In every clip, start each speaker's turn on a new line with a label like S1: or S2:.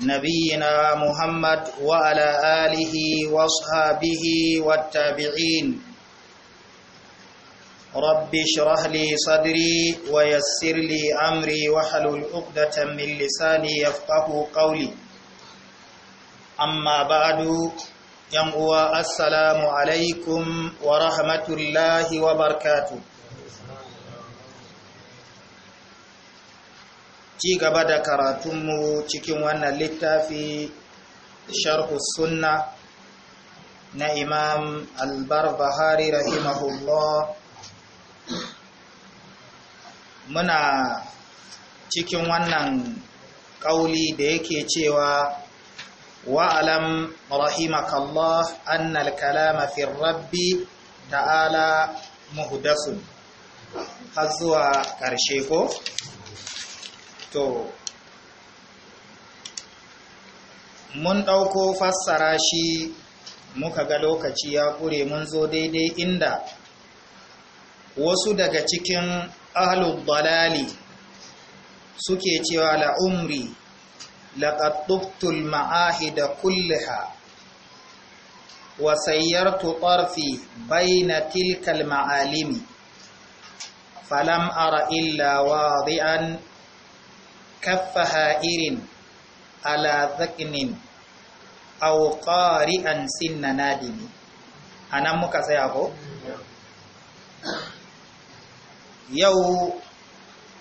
S1: نبينا محمد وعلى آله وصحابه والتابعين رب اشرح لي صدري ويسر لي أمري واحلل عقدة من لساني يفقه قولي أما بعد ينقوى السلام عليكم ورحمة الله وبركاته ci gaba da karatunmu cikin wannan littafi sharhu sunna na imam bahari rahimahullah muna cikin wannan ƙauli da yake cewa wa'alam rahimakallah annal kalama fi rabbi ta'ala muhdasun har zuwa ƙarshe ko? to mun ɗauko fassara shi muka ga lokaci ya ƙure mun zo daidai inda wasu daga cikin ahalun dalali suke cewa la'umri ma'ahi ma'ahida kulliha wa sayyartu ƙarfi baina tilkal ma'alimi falam ara illa an. kaffaha irin ala zaqnin aw qari'an sinna a anan muka tsaya ko yau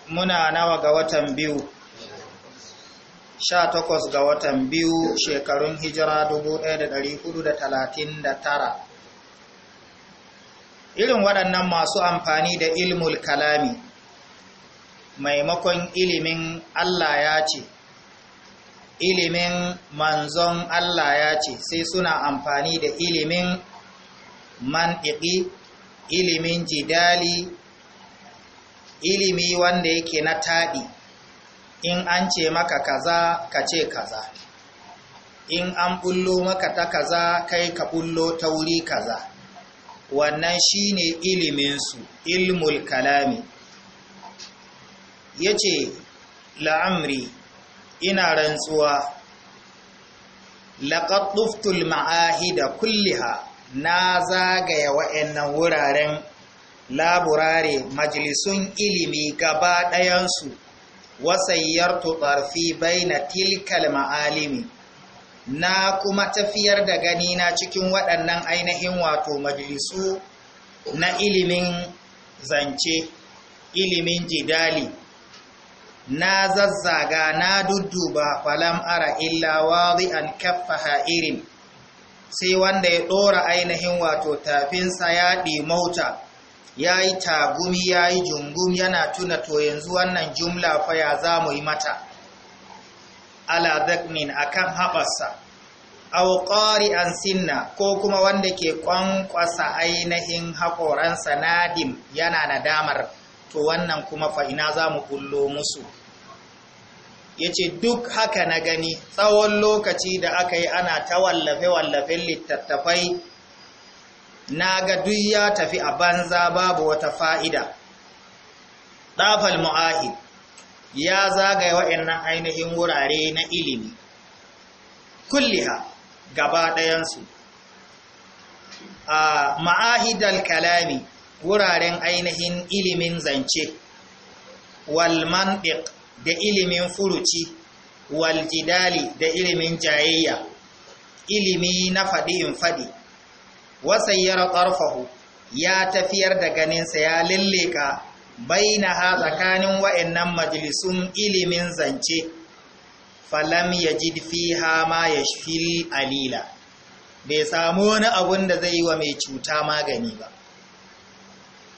S1: muna nawa ga watan biyu sha takwas ga watan biyu shekarun hijira dubu ɗaya da ɗari hudu da talatin da tara irin waɗannan masu amfani da ilmul kalami maimakon ilimin Allah ya ce ilimin manzon Allah ya ce sai suna amfani da ilimin mantiƙi ilimin jidali ilimi wanda yake na taɗi in an ce maka kaza ka ce kaza in an bullo maka ta kaza kai ka bullo ta wuri kaza wannan shi ne iliminsu ilmul kalami ya ce la'amri ina rantsuwa laƙaɗuftul ma'ahida kulliha na zagaya wa'annan wuraren laburare majalisun ilimi gaba ɗayansu wasayyartu ƙarfi bai na tilkal ma'alimi na kuma tafiyar da gani na cikin waɗannan ainihin wato majalisu na ilimin zance ilimin jidali na zazzaga na dudduba falam ara illa wadi an kaffaha irin sai wanda ya ɗora ainihin wato tafinsa ya mauta ya yi tagumi ya yi jungum yana tuna to yanzu wannan jumla fa ya za mu yi mata ala zakmin akan haɓarsa auƙari an sinna ko kuma wanda ke ƙwanƙwasa ainihin haƙoransa nadim yana nadamar to wannan kuma fa ina za mu kullo musu ya ce duk haka na gani tsawon lokaci da aka yi ana ta wallafe-wallafen littattafai na ga duk ya tafi a banza babu wata fa'ida ɗafal mu’ahi ya zagaye waɗannan ainihin wurare na ilimi kulliha gaba ɗayansu a ma'ahidal kalami wuraren ainihin ilimin zance wal da ilimin furuci waljidali da ilimin jayayya ilimi na faɗi in faɗi wasayyar ƙarfahu ya tafiyar da ganinsa ya lilleka baina ha tsakanin wa'annan majalisun ilimin zance falam ya ji fiha ma ya alila bai samu wani abun da zai yi wa mai cuta magani ba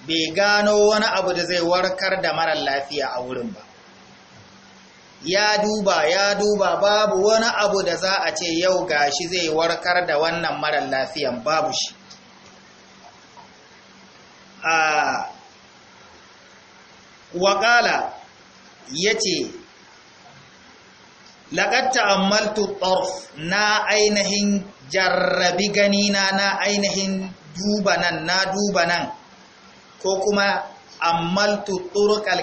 S1: bai gano wani abu da zai warkar da marar lafiya a wurin ba ya duba ya duba babu wani abu da za a ce yau ga shi zai warkar da wannan marar lafiyan babu shi a waƙala ya ce laƙatta ammaltu ɗorf na ainihin jarrabi ganina na ainihin duba nan na duba nan ko kuma ammaltu turuqal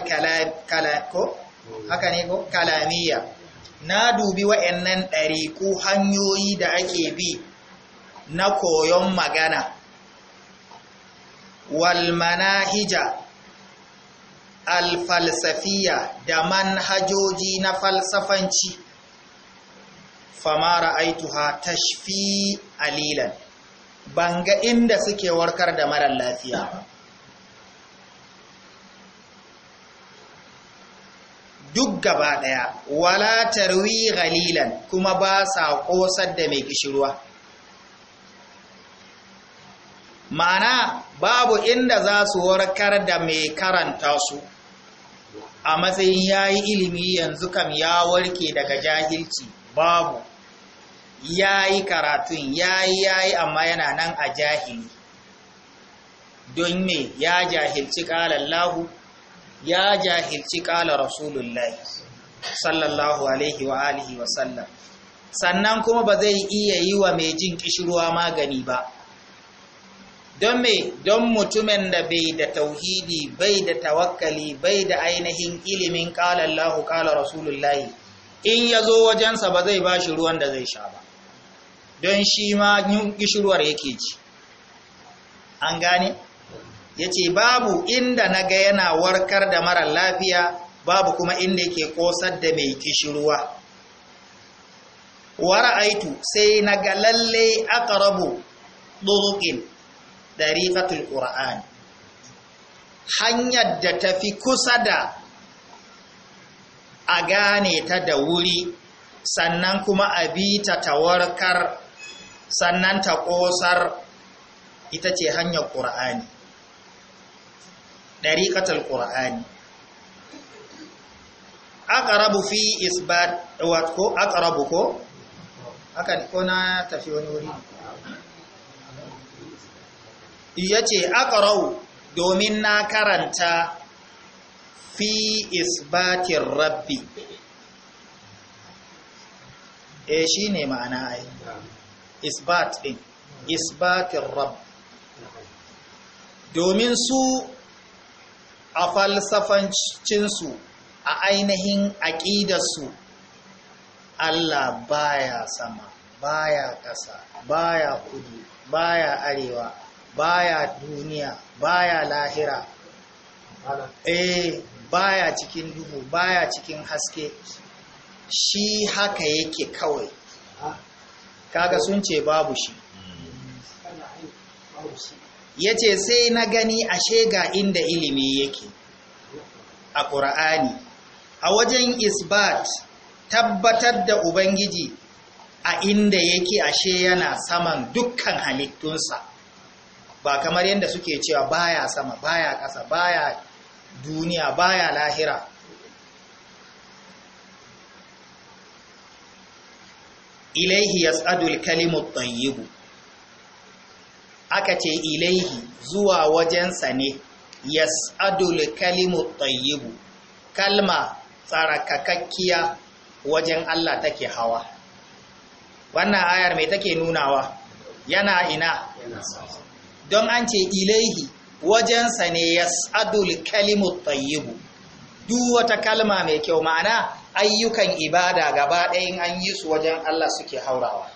S1: kalako haka ne ko kalamiya na dubi wa'annan ku hanyoyi da ake bi na koyon magana wal manahija al falsafiya da manhajoji na falsafanci famara aituha tashfi alilan banga inda suke warkar da marar lafiya duk gaba ɗaya, wala tarwi ghalilan kuma ba sa kosar da mai kishirwa ma'ana babu inda za su warkar da mai karanta su a matsayin yayi ilimi yanzu kam ya warke daga jahilci babu yayi karatun yayi yayi amma yana nan a jahili don me ya jahilci kalallahu? ya jahilci ƙala rasulullahi sallallahu alaihi wa alihi wa sallam sannan kuma ba zai iya yi wa mai jin kishirwa magani ba don me don mutumin da bai da tauhidi bai da tawakkali bai da ainihin ilimin ƙala Allahu ƙala rasulullahi in ya zo wajensa ba zai bashi ruwan da zai sha ba don shi ma yin kishirwar yake ci an gane? ya ce babu inda na ga yana warkar da mara lafiya babu kuma inda yake kosar da mai kishirwa aitu sai na ga lalle aka rabu ɗuruƙin ɗariƙatul ƙura'an hanyar da ta fi kusa da a gane ta da wuri sannan kuma a bi ta tawarkar, sannan ta ƙosar ita ce hanyar ƙura'ani ɗariƙatar ƙura'ani rabu fi isbat wat ko rabu ko akan ko na tafi wani wuri yace aqrau domin na karanta fi isbatin rabbi eh, shi shine ma'ana ai isbat ɗin, isbatin Rabbi domin su a falsafancinsu a ainihin aƙidarsu Allah baya sama baya ƙasa baya kudu baya arewa baya duniya baya lahira eh baya cikin duhu baya cikin haske shi haka yake kawai ah. kaga sun ce babu shi ya ce sai na gani ashe ga inda ilimi yake a ƙura'ani a wajen isbat tabbatar da ubangiji a inda yake ashe yana saman dukkan halittunsa ba kamar yadda suke cewa baya sama baya ƙasa baya duniya baya lahira ilaihi tsadul kalimut tayyibu aka ce ilaihi zuwa wajensa ne yas'adul kalimu tsayibu kalma tsarakakakkiya wajen Allah take hawa wannan ayar mai take nunawa yana ina don an ce ilaihi wajensa ne yas'adul kalimu tsayibu duk wata kalma mai kyau ma'ana ayyukan ibada gaba ɗayan an yi su wajen Allah suke haurawa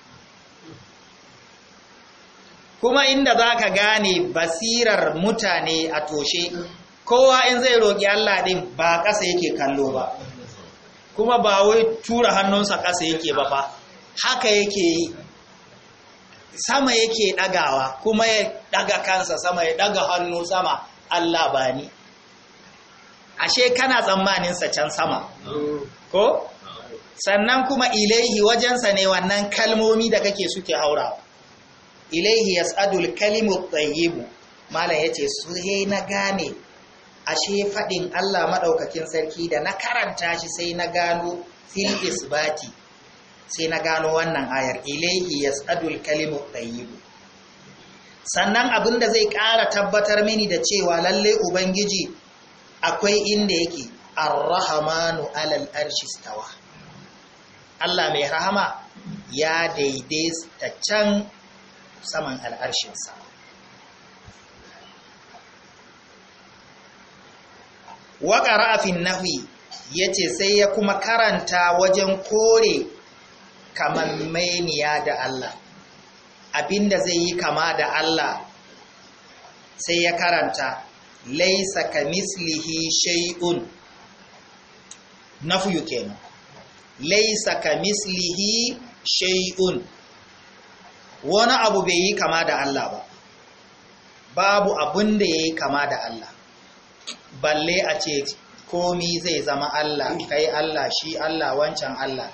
S1: kuma inda za ka gane basirar mutane a toshe kowa in zai roƙi Allah ɗin ba ƙasa yake kallo ba kuma ba wai tura hannunsa ƙasa yake ba ba haka yake yi sama yake ɗagawa kuma ya ɗaga kansa sama ya ɗaga hannu sama Allah ba ni ashe kana tsammaninsa can sama ko sannan kuma ilaihi wajensa ne wannan kalmomi da kake suke haurawa ilaihi yas'adul kalimut tayyibu malam ce su yi na gane ashe faɗin Allah maɗaukakin sarki da na karanta shi sai na gano fil isbati sai na gano wannan ayar ilaihi tsadul kalimu tayyibu sannan abin da zai ƙara tabbatar mini da cewa lalle ubangiji akwai inda yake arrahamanu alal arshi Allah mai rahama ya daidaita can saman al'arshinsa waƙa ra'afin nahi ya ce sai ya kuma karanta wajen kore kamar mainiya da Allah abinda zai yi kama da Allah sai ya karanta laisa ka mislihi shay'un nafiyu kenan laisa ka mislihi shay'un wani abu bai yi kama da Allah ba babu abin da ya yi kama da Allah balle a ce komi zai zama Allah kai Allah shi Allah wancan Allah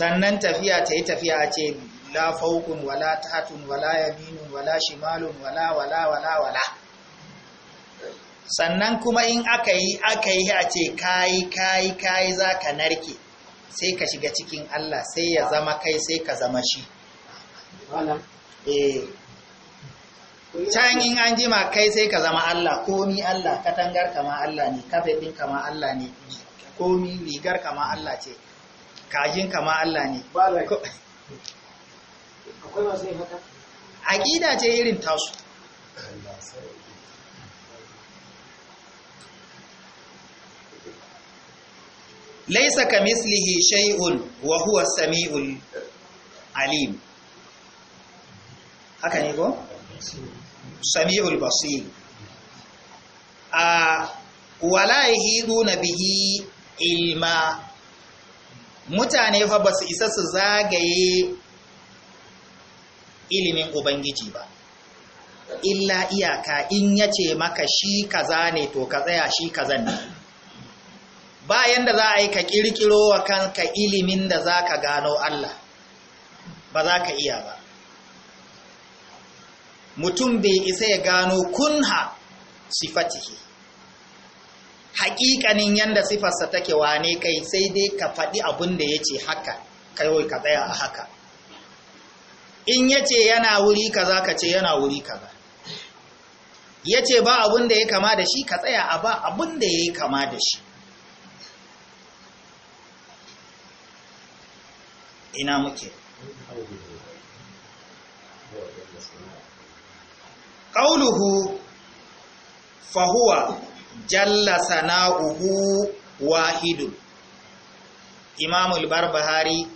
S1: sannan tafiya ta yi tafiya a ce la faukun wala tatun wala yaminun wala shimalun wala wala wala wala sannan kuma in aka yi aka yi a ce kayi kayi kayi za ka narke sai ka shiga cikin Allah sai ya zama kai sai ka zama shi Eh, can in an jima kai sai ka zama Allah komi Allah katangar kama Allah ne kafafin kama Allah ne komi rigar kama Allah ce kajin kama Allah ne aƙida ce irin tasu laisa ka mislihi shay'un wa huwa sami'ul alim haka ne ko sami'ul basir a wala na bihi ilma mutane fa basu isa su zagaye ilimin ubangiji ba illa iyaka in yace maka shi kaza ne to ka tsaya shi kaza ne bayan da za a yi ka kirkiro wa kanka ilimin da za ka gano Allah ba za ka iya ba mutum bai isa ya gano kunha sifatihi haƙiƙanin yanda sifarsa take wane kai sai dai ka faɗi abin da ya ce haka kawai ka tsaya a haka in ya ce yana wuri kaza ka ce yana wuri kaza ya ce ba abin da ya kama da shi ka tsaya a ba abin da ya kama da shi ina muke ƙauluhu fahuwa jalla sana'uhu wahidu imamul barbahari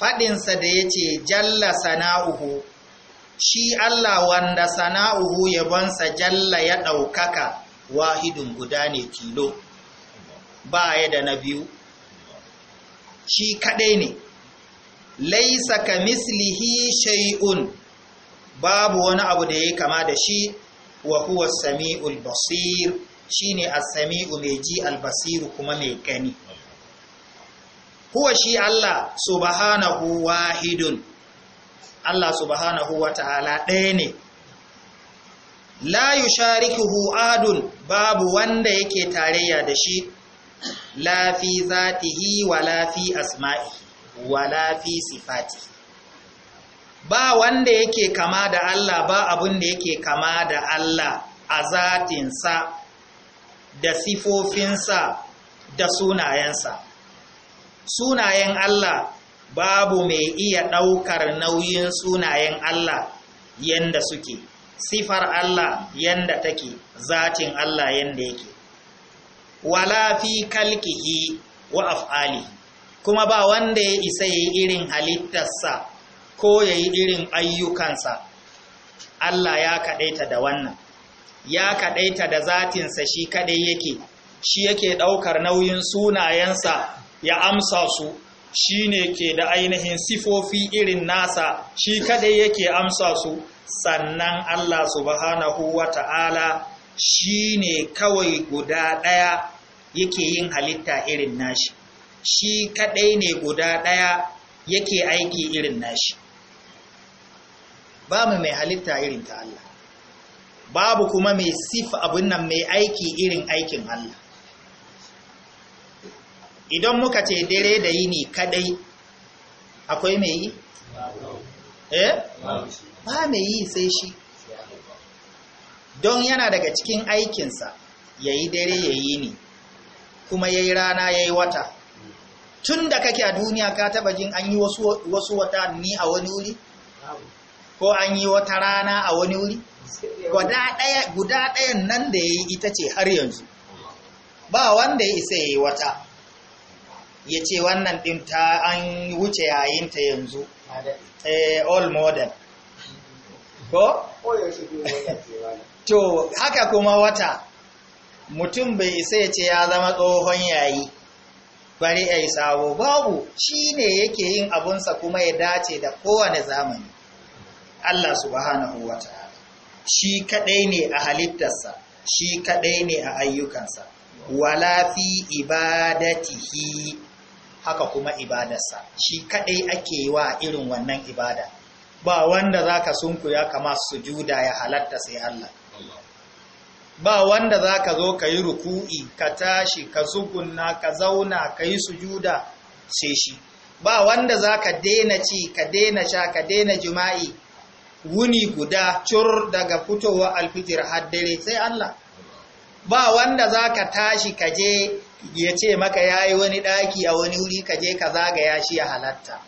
S1: faɗinsa da ya ce jalla sana'uhu shi Allah wanda sana'uhu yabonsa jalla ya ɗaukaka wahidun guda ne tilo ba ya da na biyu shi kaɗai ne laisa ka mislihi shai'un. babu wani abu da yayi kama da shi wa huwa samiul basir shine as-sami'u mai ji al-basir kuma mai gani huwa shi Allah subhanahu wahidun Allah subhanahu wa ta'ala ɗaya ne la yushariku adun babu wanda yake tarayya da shi la fi zatihi wa la fi asma'i wa la fi sifatihi ba wanda yake kama da Allah ba abin da yake kama da Allah a zatinsa da sifofinsa da sunayensa sunayen Allah babu mai iya ɗaukar nauyin sunayen Allah yanda suke sifar Allah yanda take zatin Allah yanda yake wala fi kalkihi wa af'ali kuma ba wanda ya isa yi irin halittarsa ko ya yi irin ayyukansa Allah ya kaɗaita da wannan ya kaɗaita da zatinsa shi kaɗai yake shi yake ɗaukar nauyin sunayensa ya amsa su shi ne ke da ainihin sifofi irin nasa shi kaɗai yake amsa su sannan Allah subhanahu wa ta'ala shi ne kawai guda ɗaya yake yin halitta irin nashi shi kaɗai ne guda ɗaya yake aiki irin nashi ba mu mai halitta irin ta Allah babu kuma mai sifa abin nan mai aiki irin aikin Allah idan muka ce dare da yini kadai akwai mai yi eh ba mai yi sai shi don yana daga cikin aikinsa ya yi dare ya yi ni kuma ya yi rana ya yi wata tun da kake a duniya ka taba jin an yi wasu, wasu wata ni a wani wuri ko an yi wata rana a wani wuri guda ɗayan nan da ya yi ita ce har yanzu ba wanda ya isa ya yi wata ya ce wannan ɗin ta an wuce yayinta yanzu eh, all modern ko? to haka kuma wata mutum bai isa ya ce ya zama tsohon yayi bari a yi sabo babu shi ne yake yin abunsa kuma ya dace da kowane zamani Allah subhanahu wa ta'ala shi kadai ne a halittarsa shi kadai ne a ayyukansa wala fi ibadatihi haka kuma ibadarsa shi kadai ake wa irin wannan ibada ba wanda zaka ya kama sujuda ya halatta sai Allah ba wanda zaka zo ka yi ruku'i ka tashi ka zugunna ka zauna ka yi sujuda sai shi ba wanda za ka daina ci ka daina sha ka daina jima'i wuni guda cur daga fitowa alfijir har dare sai Allah ba wanda za ka tashi ka je ya ce maka ya yi wani ɗaki a wani wuri ka je ka zagaya shi ya halatta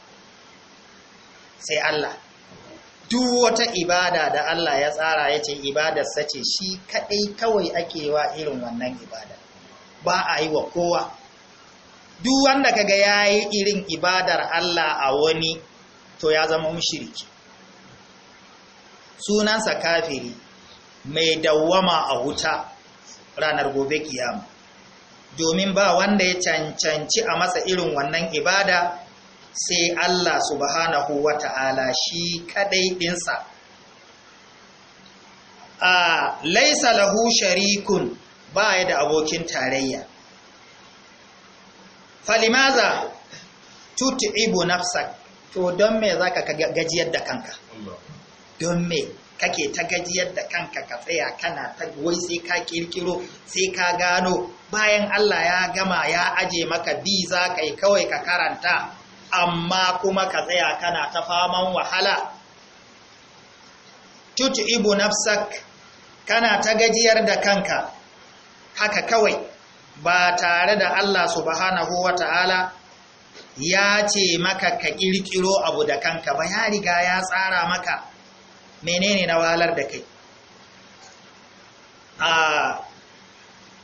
S1: sai Allah duk wata ibada da Allah ya tsara ya ce ibadarsa ce shi kaɗai kawai ake wa irin wannan ibada ba a yi wa kowa duk wanda kaga ya yi irin ibadar Allah a wani to ya zama mushiriki sunansa kafiri mai dawwama a wuta ranar gobe kiyama domin ba wanda ya cancanci a masa irin wannan ibada sai Allah subhanahu wa ta'ala shi kadai ɗinsa. A laisa lahu sharikun ba ya da abokin tarayya. Falimaza Ibu, nafsak to don me za ka gajiyar da kanka. don me kake ta gajiyar da kanka ka tsaya kana ta wai sai ka kirkiro sai ka gano bayan Allah ya gama ya aje maka bi za ka yi kawai ka karanta amma kuma ka tsaya kana ta faman wahala tutu ibu nafsak kana ta gajiyar da kanka haka kawai ba tare da Allah subhanahu wa ta'ala ya ce maka ka kirkiro abu da kanka ba ya riga ya tsara maka menene na wahalar da kai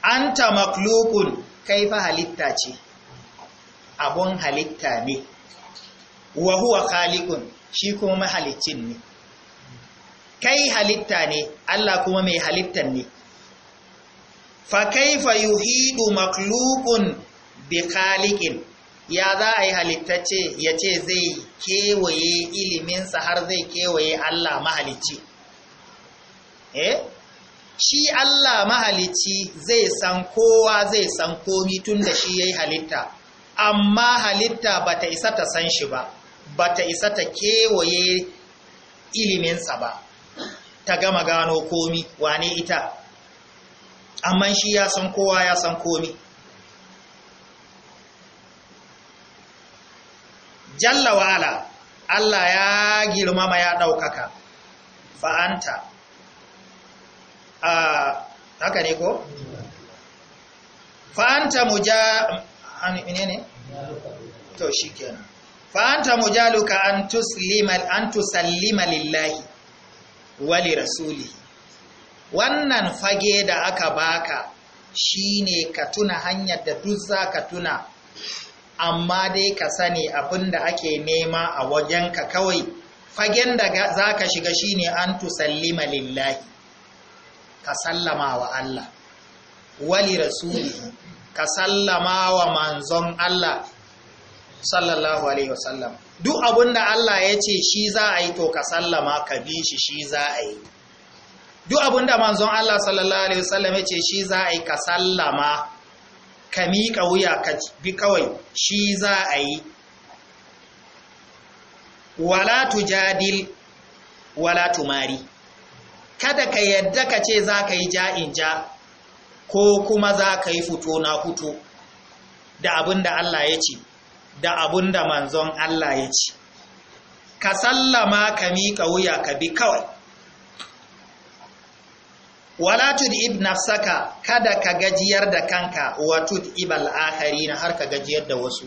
S1: anta maklubun kaifa halitta ce abun halitta ne wa huwa khaliqun shi kuma mahalicin ne kai halitta ne Allah kuma mai halittan ne fa kaifa yuhidu maklubun bi khaliqin ya za a yi halittacce ya ce zai kewaye iliminsa har zai kewaye Allah mahalicci eh shi Allah mahalicci zai san kowa zai san komi tun da shi ya yi halitta amma halitta ba ta isa ta san shi ba ba ta isa ta kewaye iliminsa ba ta gama gano komi wane ita amma shi ya san kowa ya san komi jalla ala Allah ya ma ya ɗaukaka fa'anta ah haka ne ko? fa'anta muja ja ne ne? to shi kenan fa'anta an tuslima an tusallima lillahi wali rasuli wannan fage da aka baka shine ka tuna hanyar da duk ka tuna amma dai ka sani abin da ake nema a wajenka kawai fagen da za ka shiga shi ne an tusallima lillahi ka sallama wa Allah wali rasuli ka sallama wa manzon Allah sallallahu alaihi wasallam duk da Allah ya ce shi za a yi to ka sallama ka bi shi shi za a yi duk da manzon Allah sallallahu alaihi wasallam ya ce shi za a yi ka sallama ka miƙa wuya ka bi kawai shi za a yi wala jadil wala mari. kada ka yadda ka ce za ka yi ja'in ja ko kuma za ka yi fito na fito da abin da Allah ya ce da abin da manzon Allah ya ce ka sallama ka miƙa wuya ka bi kawai wala tud'ib nafsaka kada ka gajiyar da kanka wa tud'ibal akharin har ka gajiyar da wasu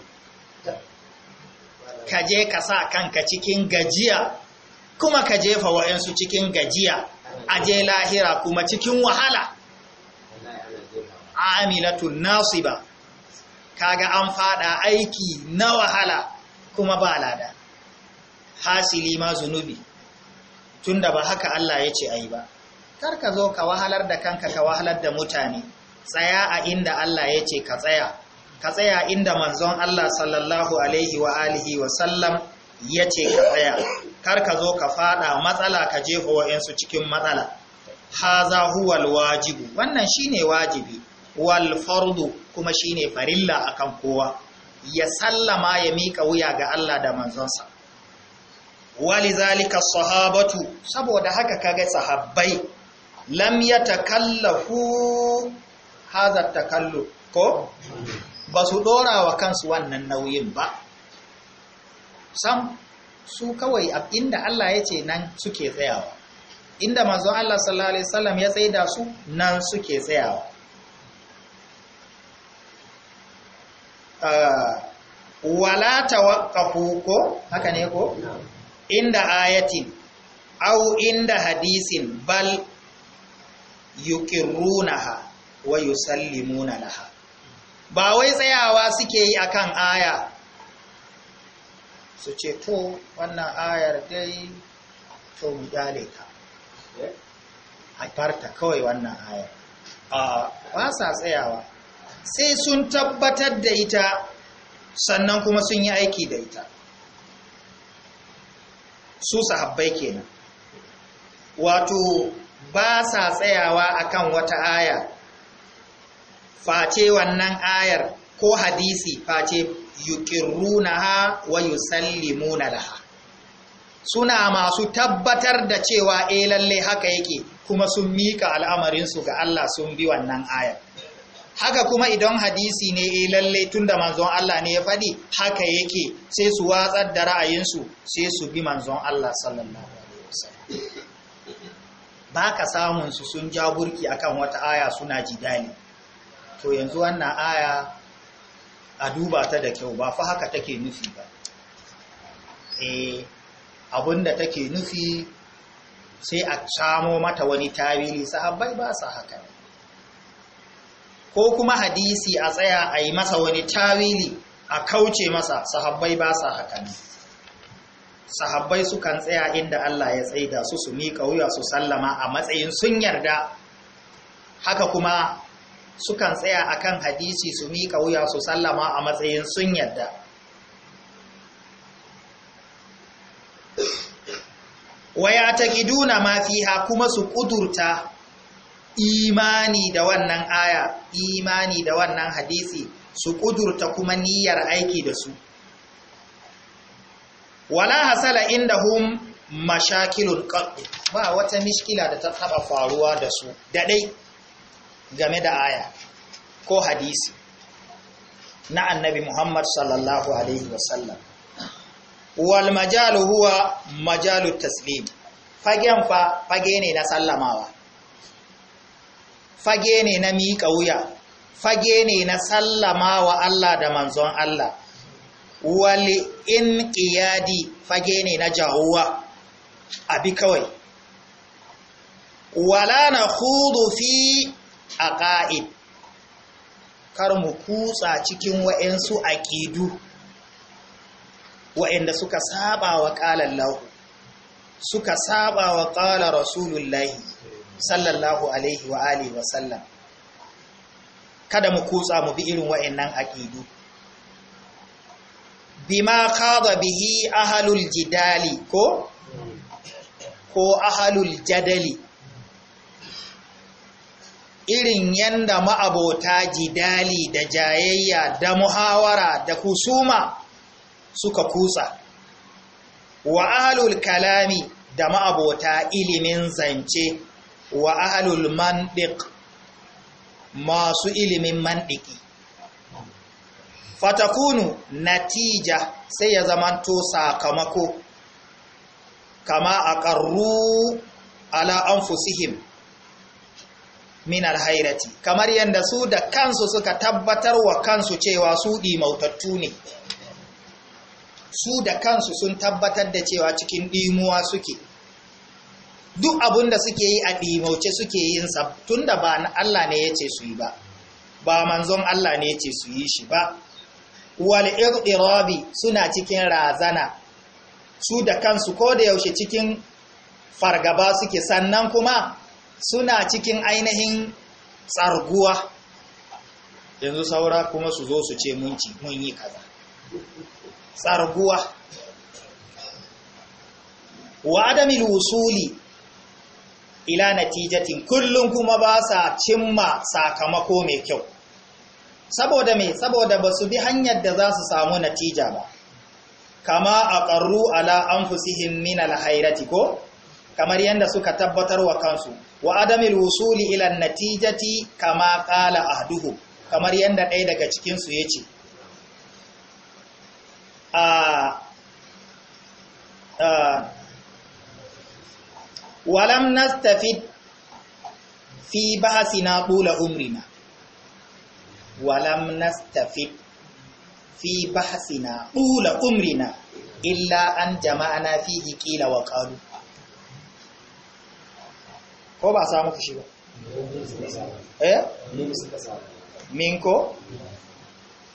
S1: ka je ka sa kanka cikin gajiya kuma ka jefa wayansu cikin gajiya a je lahira kuma cikin wahala amilatul nasiba kaga an fada aiki na wahala kuma ba lada hasili ma zunubi tunda ba haka Allah ya ce ai ba kar ka zo ka wahalar da kanka ka wahalar da mutane tsaya a inda Allah ya ce ka tsaya ka tsaya inda manzon Allah sallallahu alaihi wa alihi wa sallam ya ce ka tsaya kar ka zo ka fada matsala ka jefa wayansu cikin matsala haza huwa alwajibu wannan shine wajibi wal fardu kuma shine farilla akan kowa ya sallama ya mika wuya ga Allah da manzonsa walizalika sahabatu saboda haka kaga sahabbai lam ku hadha takallu ko ba su dora wa kansu wannan nauyin ba sam su kawai inda Allah ya ce nan suke tsayawa inda manzon Allah sallallahu alaihi wasallam ya tsaida su nan suke tsayawa uh, wala tawaqqafu ko haka ne ko inda ayatin au inda hadisin bal yuqirrunaha wa yusallimuna laha ba wai tsayawa suke yi akan aya su ce to wannan ayar dai to mu dale ta haifarta kawai wannan ayar ba sa tsayawa sai sun tabbatar da ita sannan kuma sun yi aiki da ita su sahabbai kenan wato ba sa tsayawa akan wata aya face wannan ayar ko hadisi face ha wa yusallimuna laha suna masu tabbatar da cewa e lalle haka yake kuma sun mika al'amarinsu ga Allah sun bi wannan ayar haka kuma idan hadisi ne eh lalle tunda manzon Allah ne ya faɗi haka yake sai su watsar da ra'ayinsu sai su bi manzon Allah sallallahu alaihi wasallam ba ka su sun ja burki akan wata aya suna jidali to yanzu wannan aya a duba ta da kyau ba fa haka take nufi ba eh abinda take nufi sai a samo mata wani tawili sahabbai ba su haka ko kuma hadisi a tsaya a yi masa wani tawili a kauce masa sahabbai ba su haka ne sahabbai sukan tsaya inda Allah ya da su su miƙa wuya su sallama a matsayin sun yarda haka kuma sukan tsaya akan hadisi su miƙa wuya su sallama a matsayin sun yarda waya ta giduna mafiha kuma su ƙudurta imani da wannan aya imani da wannan hadisi su ƙudurta kuma niyyar aiki da su wala hasala indahum mashakilun qattu ba wata mishkila da ta taba faruwa da su da dai game da aya ko hadisi na annabi Muhammad sallallahu alaihi wasallam wal majalu huwa majalu taslim fagen fa fage ne na sallamawa fage ne na miƙa wuya fage ne na sallamawa Allah da manzon Allah wali in ƙiyadi fage ne na a abi kawai wala na hudu fi a ƙa'id kar mu kutsa cikin wa'insu aƙidu wayanda suka saba wa ƙalar lahu suka saba wa ƙala rasulullahi sallallahu alaihi wa alihi kada mu kutsa mu bi irin wayannan aƙidu bima khada bihi ahlul jidali ko ko ahlul jadali irin yanda ma'abota jidali da jayayya da muhawara da kusuma suka kutsa wa ahlul kalami da ma'abota ilimin zance wa ahlul mantiq masu ilimin mandiki. fatakunu natija sai ya zamanto sakamako kama a ƙarru ala anfusihim min alhairati kamar yadda su da kansu suka tabbatar wa kansu cewa su ɗimautattu ne su da kansu sun tabbatar da cewa cikin ɗimuwa suke duk abin da suke yi a ɗimauce suke yin sa tunda ba Allah ne ya ce su yi ba ba manzon Allah ne ya ce su yi shi ba wal'irdirabi suna cikin razana su da kansu ko da yaushe cikin fargaba suke sannan kuma suna cikin ainihin tsarguwa yanzu saura kuma su zo su ce mun yi kaza tsarguwa wa adamil wusuli ila natijatin kullum kuma ba sa cimma sakamako mai kyau saboda me saboda ba su bi hanyar da za su samu natija ba kama a ƙarru ala an fusihin min lahairati ko kamar yadda suka tabbatar wa kansu wa adamil wusuli ilan natijati kama ƙala ahduhu kamar yadda ɗaya daga cikinsu ya ce walam tafi fi bahasina umrina ولم نستفد fi bahsina ula umrina illa an جمعنا فيه قيل وقالوا ko ba samu fushi ba eh minko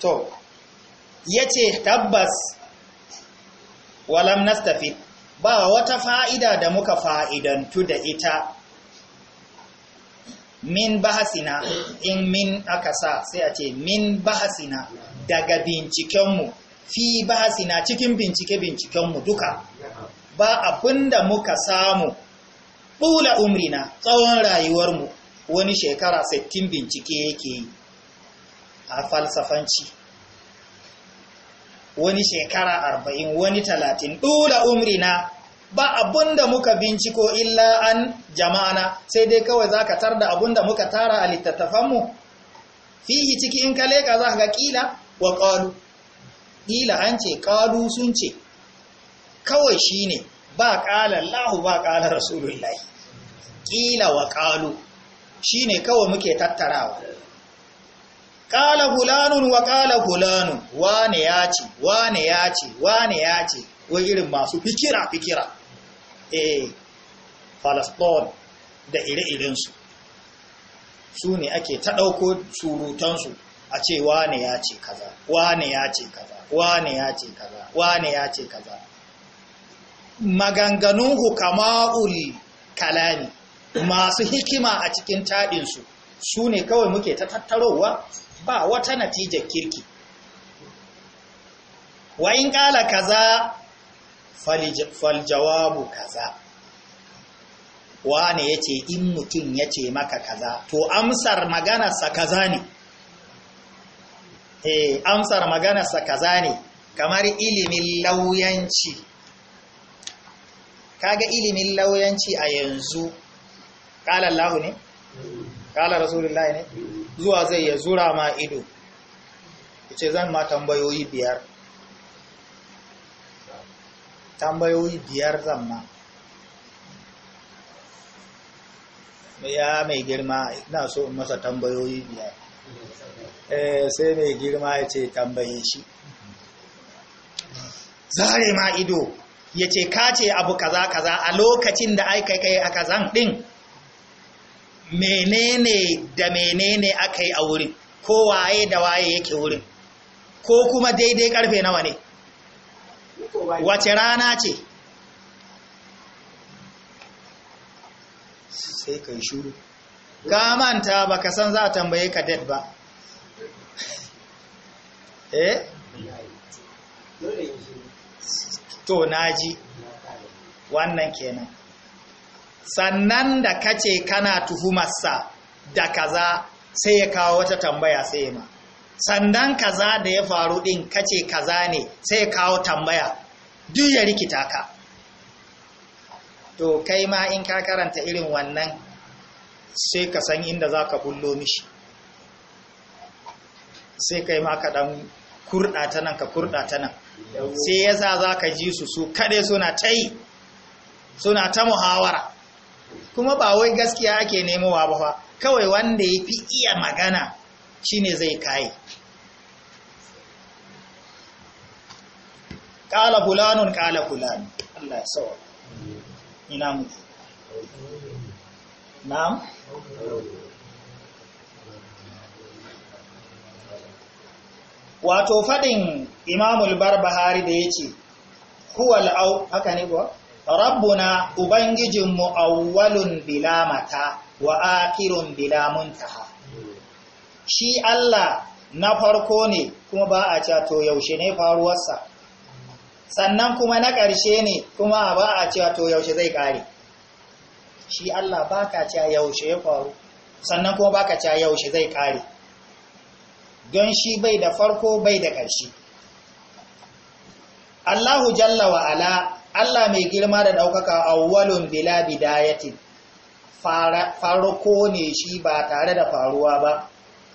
S1: to yace tabbas walam nastafid ba wata fa'ida da muka fa'idantu da ita min bahasina in min aka sa sai a ce min bahasina daga bincikenmu fi bahasina cikin bincike bincikenmu duka ba abinda muka samu bula umrina tsawon rayuwarmu wani shekara 60 bincike yake yi a falsafanci wani shekara 40 wani talatin bula umrina ba abun da muka binciko illa an jama'ana sai dai kawai za ka tar da abun da muka tara a littattafanmu fihi ciki in ka leka za ka ƙila wa ƙalu ƙila an ce ƙalu sun ce kawai shi ne ba ƙala lahu ba ƙala rasulullahi ƙila wa ƙalu shi ne kawai muke tattarawa ƙala hulanun wa ƙala hulanun wane ya ce wane ya ce wane ya ce wai irin masu fikira fikira a eh, falaston da ire-irensu su ne ake ta ɗauko surutansu a ce wane ya ce kaza wane ya ce kaza wane ya ce kaza wane ya ce kaza maganganun hukama'ul kalani masu hikima a cikin taɗinsu su ne kawai muke ta tattarowa ba wata natijar kirki wa in ƙala kaza faljawabu kaza wane ya ce in mutum ya ce maka kaza to amsar maganarsa kaza ne eh amsar maganarsa kaza ne kamar ilimin lauyanci kaga ilimin lauyanci a yanzu kala Allah ne kala rasulullahi ne zuwa zai ya zura ma ido yace zan ma tambayoyi biyar tambayoyi biyar zamma ya mai girma na so in masa tambayoyi biyar eh, sai mai girma ya ce tambaye shi zare ma ido ya ce kace abu kaza kaza a lokacin da aka kai a kazan din menene da menene aka yi a wurin ko waye da waye yake wurin ko kuma daidai karfe nawa ne wace rana ce sai kai shuru ka manta baka san za a tambaye ka ba eh to naji wannan kenan sannan da kace kana tuhumarsa da kaza sai ya kawo wata tambaya sai ya ma sandan kaza da ya faru din kace kaza ne sai kawo tambaya duk ya rikita ka to kai ma in ka karanta irin wannan sai ka san inda za ka bullo mishi sai kai ma ka dan kurɗa ta nan ka kurɗa ta nan sai yasa za ka ji su su kaɗai suna ta suna ta muhawara kuma ba wai gaskiya ake nemowa ba fa kawai wanda ya fi iya magana shine zai kayi ƙala fulanun ƙala fulanun Allah ya sawa ina mutu na'am wato faɗin imamul barbahari da ya ce huwal au haka ne kuwa rabbuna ubangijinmu awwalun bila mata wa akirun bila muntaha shi Allah na farko ne kuma ba a cato yaushe ne faruwarsa sannan kuma na ƙarshe ne kuma ba a cewa to yaushe zai ƙare shi Allah ba ka cewa yaushe ya faru sannan kuma ba ka cewa yaushe zai ƙare don shi bai da farko bai da ƙarshe Allahu jalla wa ala Allah mai girma da ɗaukaka awwalun bila bidayati farko ne shi ba tare da faruwa ba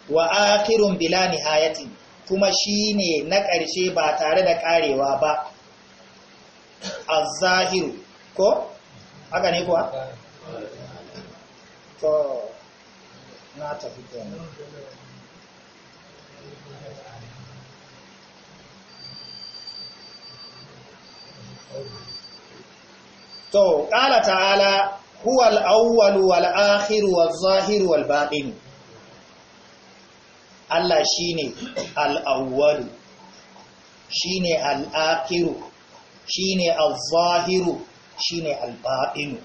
S1: wa akhirun bila nihayati kuma shi ne na ƙarshe ba tare da ƙarewa ba Azahiru. ko haka ne kuwa to na tafi kenan to qala ta'ala huwa wal Allah shine al shine al-zahiru shine al bainu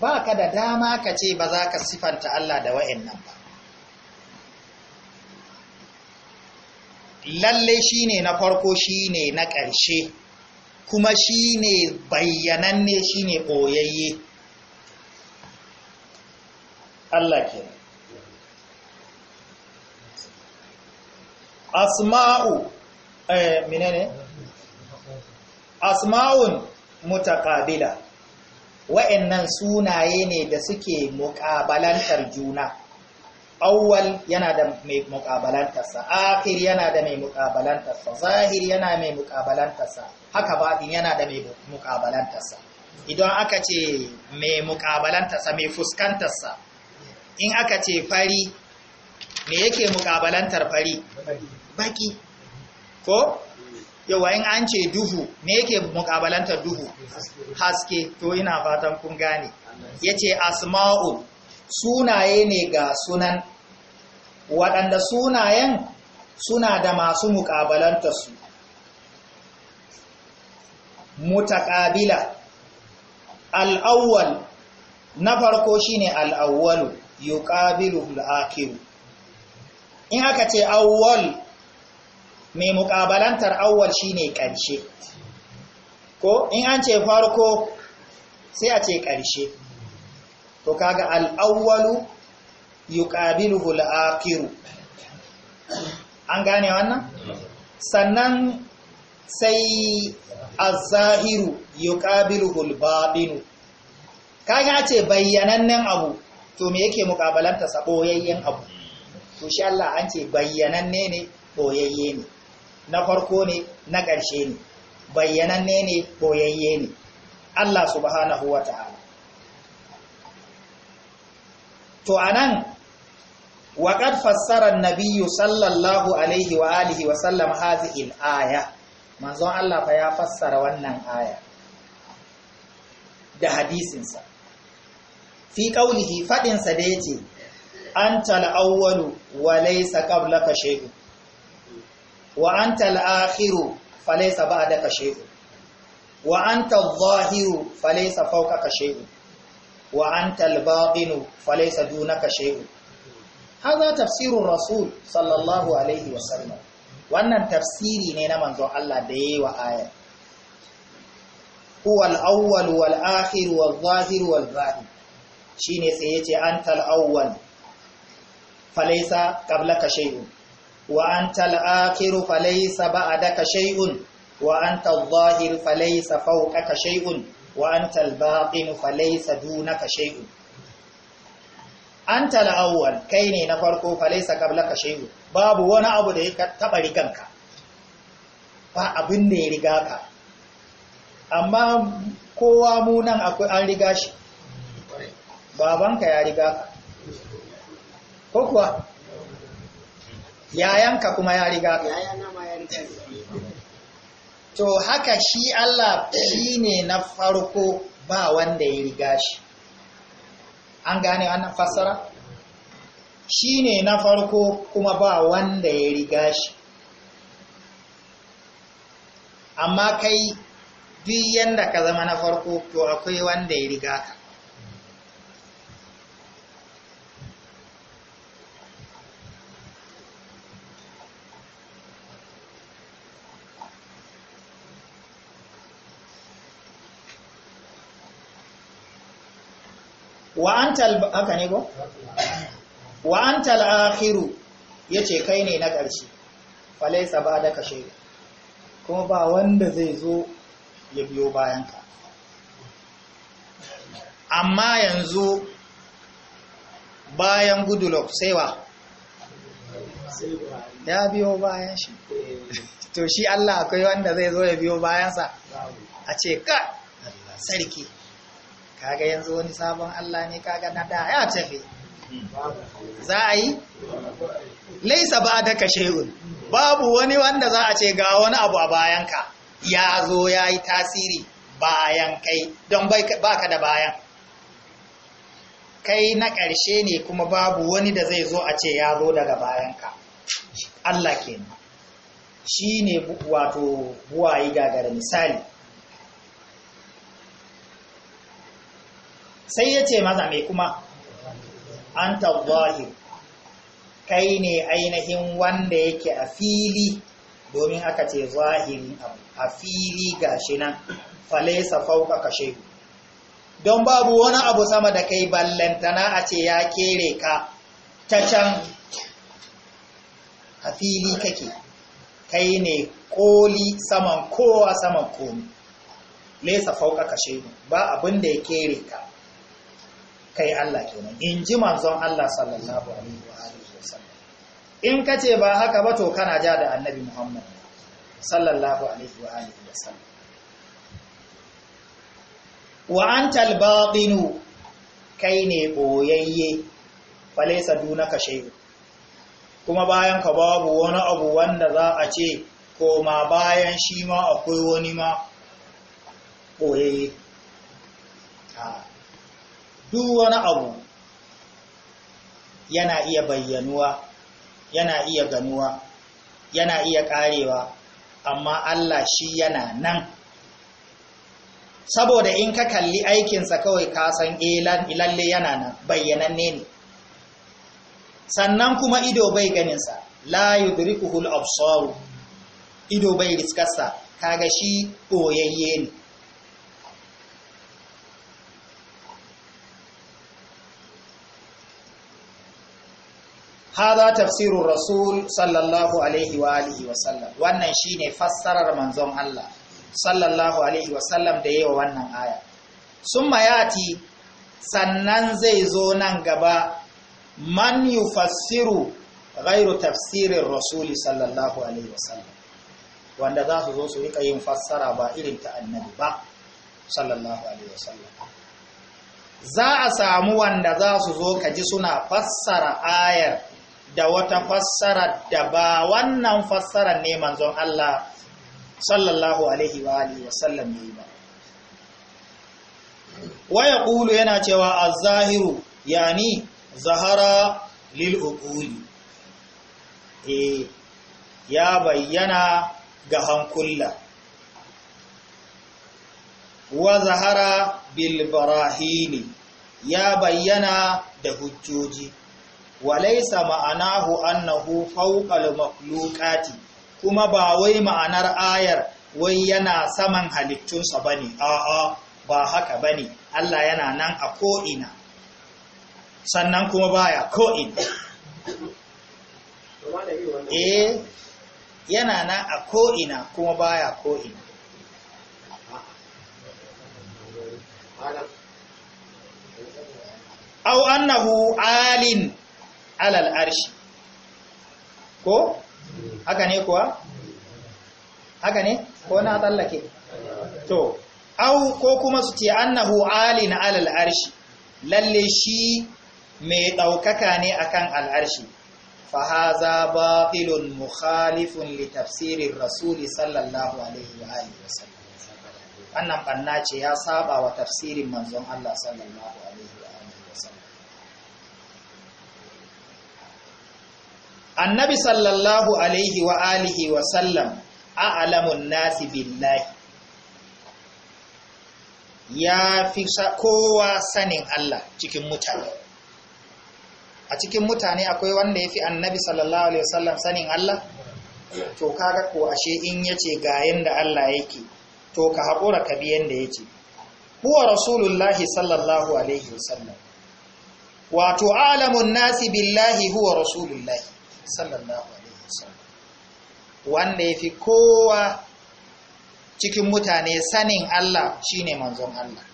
S1: ba ka da dama ka ce ba za ka sifanta Allah da wa'annan ba lalle shine na farko shine na ƙarshe kuma shine bayyananne shine boyayye Allah ke asma'u Eh, menene asma'un mutaqabila wa'annan sunaye ne da suke muƙabalantar juna awwal yana da mai muƙabalantarsa akhir yana da mai muƙabalantarsa zahir yana mai muƙabalantarsa haka baɗin yana da mai muƙabalantarsa idan aka ce mai muƙabalantarsa mai fuskantarsa in aka ce fari me yake muƙabalantar fari baki ko yau in an ce duhu me yake mukabalanta duhu haske to ina fatan kun gane yace asma'u sunaye ne ga sunan waɗanda sunayen suna da masu mukabalanta su mutaqabila al-awwal na farko shine al-awwalu yuqabilu al-akhir in aka ce awwal mai muƙabalantar awwal shine ƙarshe ko in an ce farko sai a ce ƙarshe to kaga al'awwalu yuqabiluhu al-akhiru an gane wannan sannan sai az-zahiru yuqabiluhu al-batinu kaga ce bayyanannen abu to me yake mukabalanta sa abu to shi Allah an ce bayyananne ne boyayye ne na farko ne na ƙarshe ne bayyananne ne boyayye ne Allah subhanahu wa ta'ala to anan nan, waƙar fassarar Nabiyu sallallahu alaihi wa alihi wa sallam hadhihi aya manzon Allah fa ya fassara wannan aya da hadisinsa fi ƙaunihi faɗinsa da yace ce an tala'awwalu wa laisa ƙaunaka shaikun wa anta al-akhiru falaysa ba'daka shay'un wa anta adh-dhahiru falaysa fawqaka shay'un wa anta al-batinu falaysa dunaka shay'un hadha tafsirur rasul sallallahu alaihi wa sallam wannan tafsiri ne na manzon Allah da yayi wa aya huwa al-awwal wal akhir wal zahir wal zahir shine sai yace anta al-awwal falaysa qablaka shay'un wa antal akhiru a ba'daka shay'un wa antal zahir falaysa fawqaka shay'un wa antal batin duna dunaka shay'un antal awwal kai ne na farko falaysa qablaka shay'un babu wani abu da ya taba riganka ba abin da ya riga ka amma kowa mu nan akwai an riga shi babanka ya riga ka ko kuwa yayanka kuma ya riga to haka shi Allah shi ne na farko ba wanda ya riga shi an gane wannan fassara shi ne na farko kuma ba wanda ya riga shi amma kai duk yanda ka zama na farko to akwai wanda ya riga ka wa anta haka ne go? wa akhiru yace kai ne na ƙarshe falaysa ba'daka kashe. kuma ba wanda zai zo ya biyo bayan ka. amma yanzu bayan gudulok saiwa ya biyo bayan shi to shi Allah akwai wanda zai zo ya biyo bayansa a ce ka sarki kaga yanzu wani sabon Allah ne kaga na da ya tafi za a yi laisa ba da kashehun babu wani wanda za a ce ga wani abu a bayanka ya zo ya yi tasiri bayan kai don baka da bayan kai na ƙarshe ne kuma babu wani da zai zo a ce ya zo daga bayanka Allah kenan shi ne wato buwayi gagara misali sai ya ce maza mai kuma an tabbahi kai ne ainihin wanda yake a fili domin aka ce zahiri a fili gashi nan falaisa fauka ka don babu wani abu sama da kai ballantana a ce ya kere ka ta can a fili kake kai ne koli saman kowa saman komi laisa fauka kashe ba abinda ya kere ka kai Allah kenan in ji manzon Allah sallallahu alaihi wa alihi wasallam in kace ba haka ba to kana ja da annabi Muhammad sallallahu alaihi wa alihi wasallam wa antal batinu kai ne boyayye Falesa, dunaka shay'un kuma bayan ka babu wani abu wanda za a ce koma bayan shi ma akwai wani ma boyayye duk wani abu yana iya bayyanuwa yana iya ganuwa yana iya karewa amma Allah shi yana nan saboda in ka kalli aikinsa kawai ka san eh, lalle yana nan bayyananne ne sannan kuma ido bai ganinsa la yudrikuhul absar ido bai riskarsa kaga shi boyayye ne hada tafsirur rasul sallallahu alaihi wa alihi wa sallam wannan shine fassarar manzon Allah sallallahu alaihi wa sallam da yawa wannan aya summa yati sannan zai zo nan gaba man yufassiru ghairu tafsirin rasuli sallallahu alaihi wa sallam wanda za su zo su rika yin fassara ba irin ta annabi ba sallallahu alaihi wa sallam za a samu wanda za su zo ka ji suna fassara ayar da wata fassara da ba wannan fassara ne manzon Allah sallallahu alaihi wa alihi wa sallam ne ba wa yaqulu yana cewa az-zahiru yani zahara lil uquli eh ya bayyana ga hankula wa zahara bil barahini ya bayyana da hujjoji walaisa ma'anahu annahu fawqal makhluqati kuma ba wai ma'anar ayar wai yana saman halittunsa bane a'a ba haka bane Allah yana nan a ko'ina sannan kuma baya ko'ina eh yana nan a ko'ina kuma baya ko'ina au annahu alin alal arshi ko haka ne kuwa haka ne ko na tsallake to au ko kuma su ce annahu ali na alal arshi lalle shi mai ɗaukaka ne akan al'arshi fahaza batilun mukhalifun li tafsirin rasuli sallallahu alaihi wa alihi wannan banna ce ya saba wa tafsirin manzon Allah sallallahu alaihi annabi sallallahu alaihi wa alihi wa sallam a'lamun nasi billahi ya fi kowa sanin Allah cikin mutane a cikin mutane akwai wanda ya fi annabi sallallahu alaihi wa sallam sanin Allah to kaga ko ashe in yace ga yanda Allah yake to ka haƙura ka bi yanda yake huwa rasulullahi sallallahu alaihi wa sallam. wato alamun nasi billahi huwa rasulullahi sallallahu alaihi wasallam wanda yafi fi kowa cikin mutane sanin Allah shine manzon Allah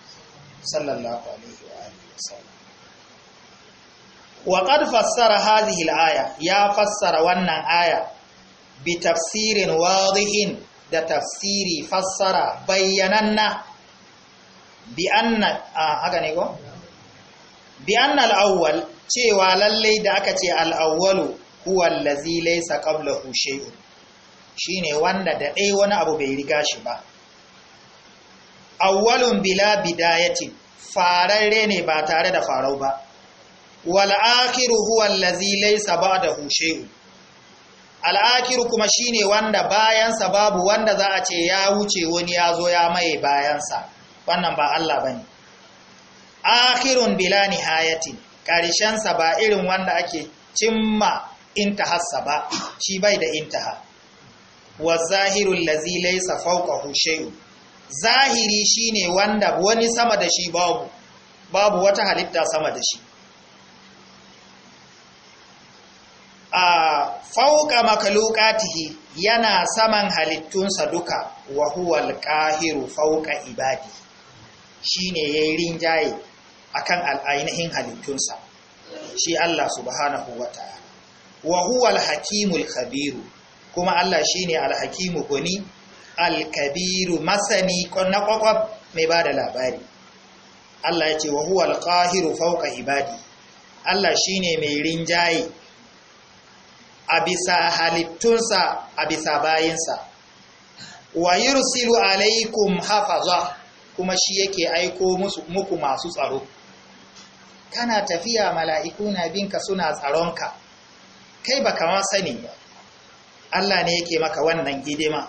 S1: sallallahu alaihi wa alihi wasallam wa qad fassara hadhihi al-aya ya fassara wannan aya bi tafsirin wadihin da tafsiri fassara bayyananna bi anna haka ne ko bi anna al-awwal cewa lallai da aka ce al-awwalu huwa allazi laysa qablahu shay'un shine wanda da dai wani abu bai riga shi ba awwalun bila bidayati fararre ne ba tare da farau ba wal akhiru huwa allazi laysa ba'dahu shay'un al akhiru kuma shine wanda bayan sa babu wanda za a ce ya wuce wani ya zo ya maye bayan sa wannan ba Allah bane akhirun bila nihayati karshen sa ba irin wanda ake cimma intahassa ba shi bai da intaha wa zahirul ladzi laysa fawqahu shay'un zahiri shine wanda wani sama da shi babu babu wata halitta sama da shi a fauka makalukatihi yana saman halittunsa duka wa al qahiru fauka ibadi shine yayin rinjaye akan al'ainihin halittunsa shi Allah subhanahu wataala wa huwa al-hakimul khabiru kuma Allah shine al-hakimu kuni al-kabiru masani na kwakwab mai bada labari Allah yace ce wa huwa al-qahiru fawqa ibadi Allah shine mai rinjaye abisa bisa halittunsa a bisa bayinsa wa yursilu alaikum hafaza kuma shi yake aiko muku masu tsaro kana tafiya mala'ikuna binka suna tsaronka kai baka ma sani ba Allah ne yake maka wannan hidima